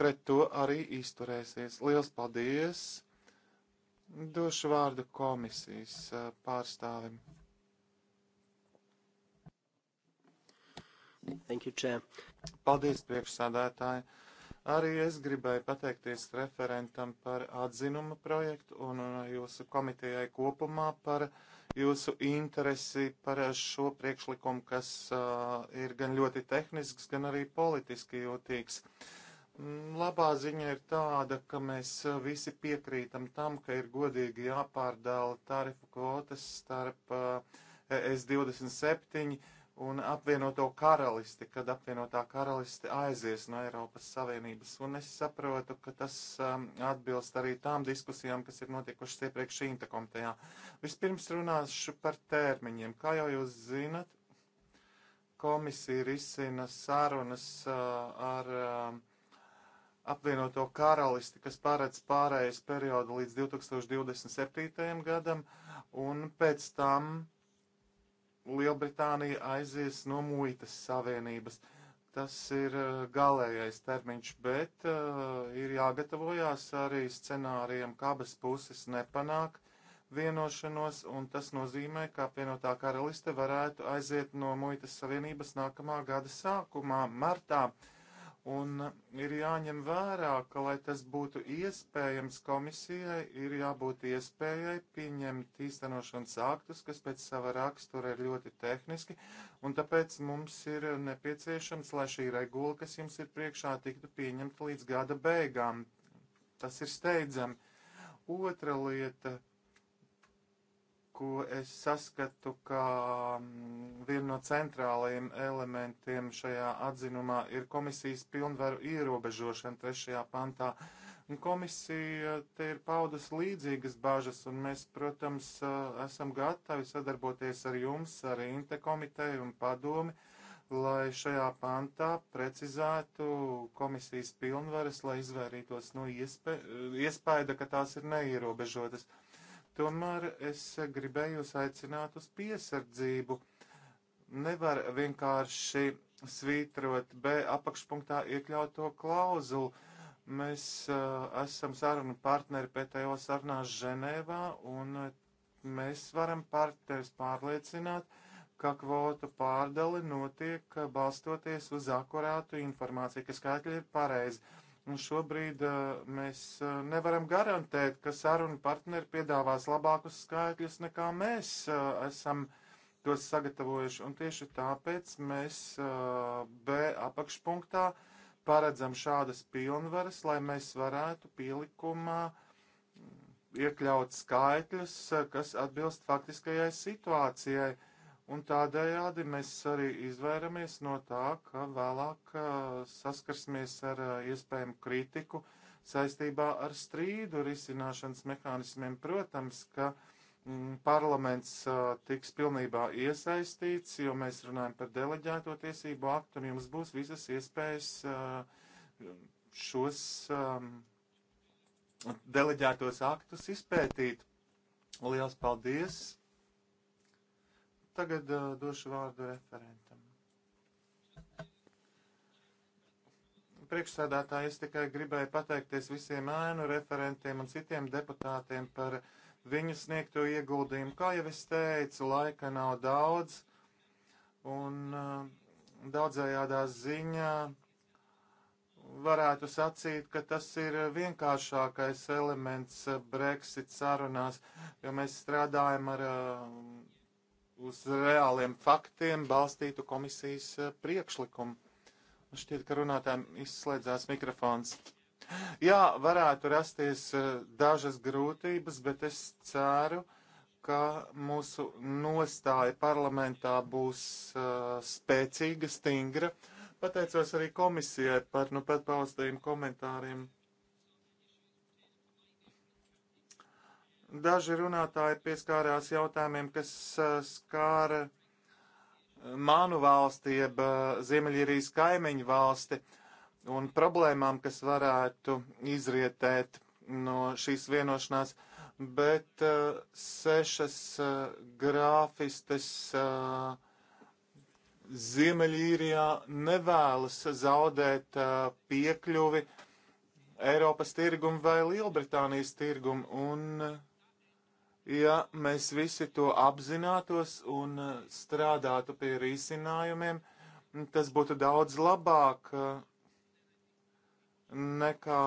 pret to arī izturēsies. Liels paldies! Došu vārdu komisijas pārstāvim. Thank you, Chair. Paldies, priekšsādātāji. Arī es gribēju pateikties referentam par atzinuma projektu un jūsu komitejai kopumā par uh, jūsu interesi par šo priekšlikumu, kas uh, ir gan ļoti tehnisks, gan arī politiski jūtīgs. Mm, labā ziņa ir tāda, ka mēs uh, visi piekrītam tam, ka ir godīgi jāpārdala tarifu kvotas starp uh, e ES 27 un apvienoto karalisti, kad apvienotā karalisti aizies no Eiropas Savienības. Un es saprotu, ka tas um, atbilst arī tām diskusijām, kas ir notikušas iepriekš Inta komitejā. Vispirms runāšu par termiņiem. Kā jau jūs zinat, komisija risina sarunas uh, ar. Uh, apvienoto karalisti, kas paredz pārējais periodu līdz 2027. gadam, un pēc tam Lielbritānija aizies no muitas savienības. Tas ir eh, galējais termiņš, bet uh, ir jāgatavojās arī scenārijam, ka abas puses nepanāk vienošanos, un tas nozīmē, ka apvienotā karaliste varētu aiziet no muitas savienības nākamā gada sākumā, martā. Uh, Un ir jāņem vērā, ka, lai tas būtu iespējams, komisijai ir jābūt iespējai pieņemt īstenošanas aktus, kas pēc sava rakstura ir ļoti tehniski, un tāpēc mums ir nepieciešams, lai šī regula, kas jums ir priekšā, tiktu pieņemta līdz gada beigām. Tas ir steidzami. Otra lieta ko es saskatu kā mm, vienu no centrālajiem elementiem šajā atzinumā, ir komisijas pilnvaru ierobežošana trešajā pantā. Un komisija te ir paudas līdzīgas bažas, un mēs, protams, esam gatavi sadarboties ar jums, ar Inte komiteju un padomi, lai šajā pantā precizētu komisijas pilnvaras, lai izvairītos no iespēja, iespēja ka tās ir neierobežotas. Uh, Tomēr es gribēju jūs aicināt uz piesardzību. Nevar vienkārši svītrot B apakšpunktā iekļauto klauzulu. Mēs uh, esam sarunu partneri PTO sarunās Ženēvā, un mēs varam partneris pārliecināt, ka kvotu pārdali notiek balstoties uz akurātu informāciju, ka skaitļi ir pareizi. Uh, Un šobrīd uh, mēs uh, nevaram garantēt, ka sarunu partneri piedāvās labākus skaitļus nekā mēs uh, esam tos sagatavojuši. Un tieši tāpēc mēs B apakšpunktā paredzam šādas pilnvaras, lai mēs varētu pielikumā iekļaut skaitļus, kas atbilst faktiskajai situācijai. Uh, Un tādējādi mēs arī izvairamies no tā, ka vēlāk saskarsimies ar iespējamu kritiku saistībā ar strīdu risināšanas mehānismiem. Protams, ka m, mm, parlaments a, tiks pilnībā iesaistīts, jo mēs runājam par deleģēto tiesību aktu, un jums būs visas iespējas a, šos a, deleģētos aktus izpētīt. Liels paldies! Tagad uh, došu vārdu referentam. Priekšsēdētāji, es tikai gribēju pateikties visiem ēnu referentiem un citiem deputātiem par viņu sniegto ieguldījumu. Kā jau es teicu, laika nav daudz, un uh, daudzējādā ziņā varētu sacīt, ka tas ir vienkāršākais elements Brexit sarunās, jo mēs strādājam ar uh, uz reāliem faktiem balstītu komisijas eh, priekšlikumu. Šķiet, ka runātājiem izslēdzās mikrofons. Jā, varētu rasties eh, dažas grūtības, bet es ceru, ka mūsu nostāja parlamentā būs eh, spēcīga, stingra. Pateicos arī komisijai par nu pat paustajiem komentāriem. Daži runātāji pieskārās jautājumiem, kas uh, skāra uh, manu valsti, jeb uh, Ziemeļīrijas kaimiņu valsti un problēmām, kas varētu izrietēt no šīs vienošanās, bet uh, sešas uh, grāfistes uh, Ziemeļīrijā nevēlas zaudēt uh, piekļuvi Eiropas tirgumu vai Lielbritānijas tirgumu, un uh, ja mēs visi to apzinātos un uh, strādātu pie risinājumiem, tas būtu daudz labāk uh, nekā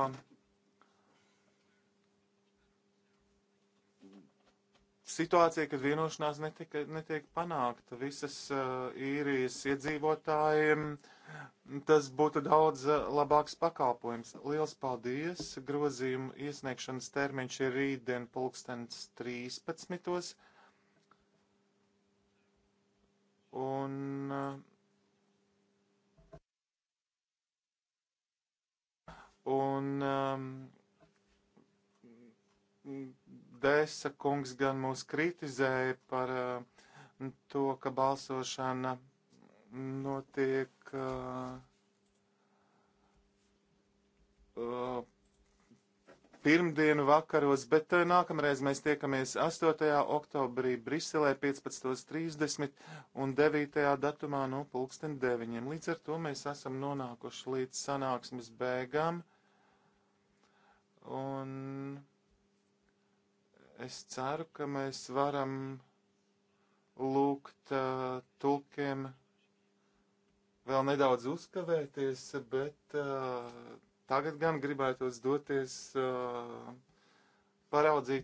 situācija, kad vienošanās netika, netiek panākta. Visas uh, īrijas iedzīvotājiem uh, Tas būtu daudz eh, labāks pakalpojums. Liels paldies! Grozījuma iesniegšanas termiņš ir rītdien pulkstens 13. Un eh, Un um, eh, Dēsa kungs gan mūs kritizēja par uh, to, ka balsošana notiek uh, pirmdienu vakaros, bet uh, nākamreiz mēs tiekamies 8. oktobrī Briselē 15.30 un 9. datumā no pulksten 9. Līdz ar to mēs esam nonākuši līdz sanāksmes beigām. Un es ceru, ka mēs varam lūgt uh, tulkiem vēl nedaudz uzkavēties, bet uh, tagad gan gribētos doties uh, paraudzīt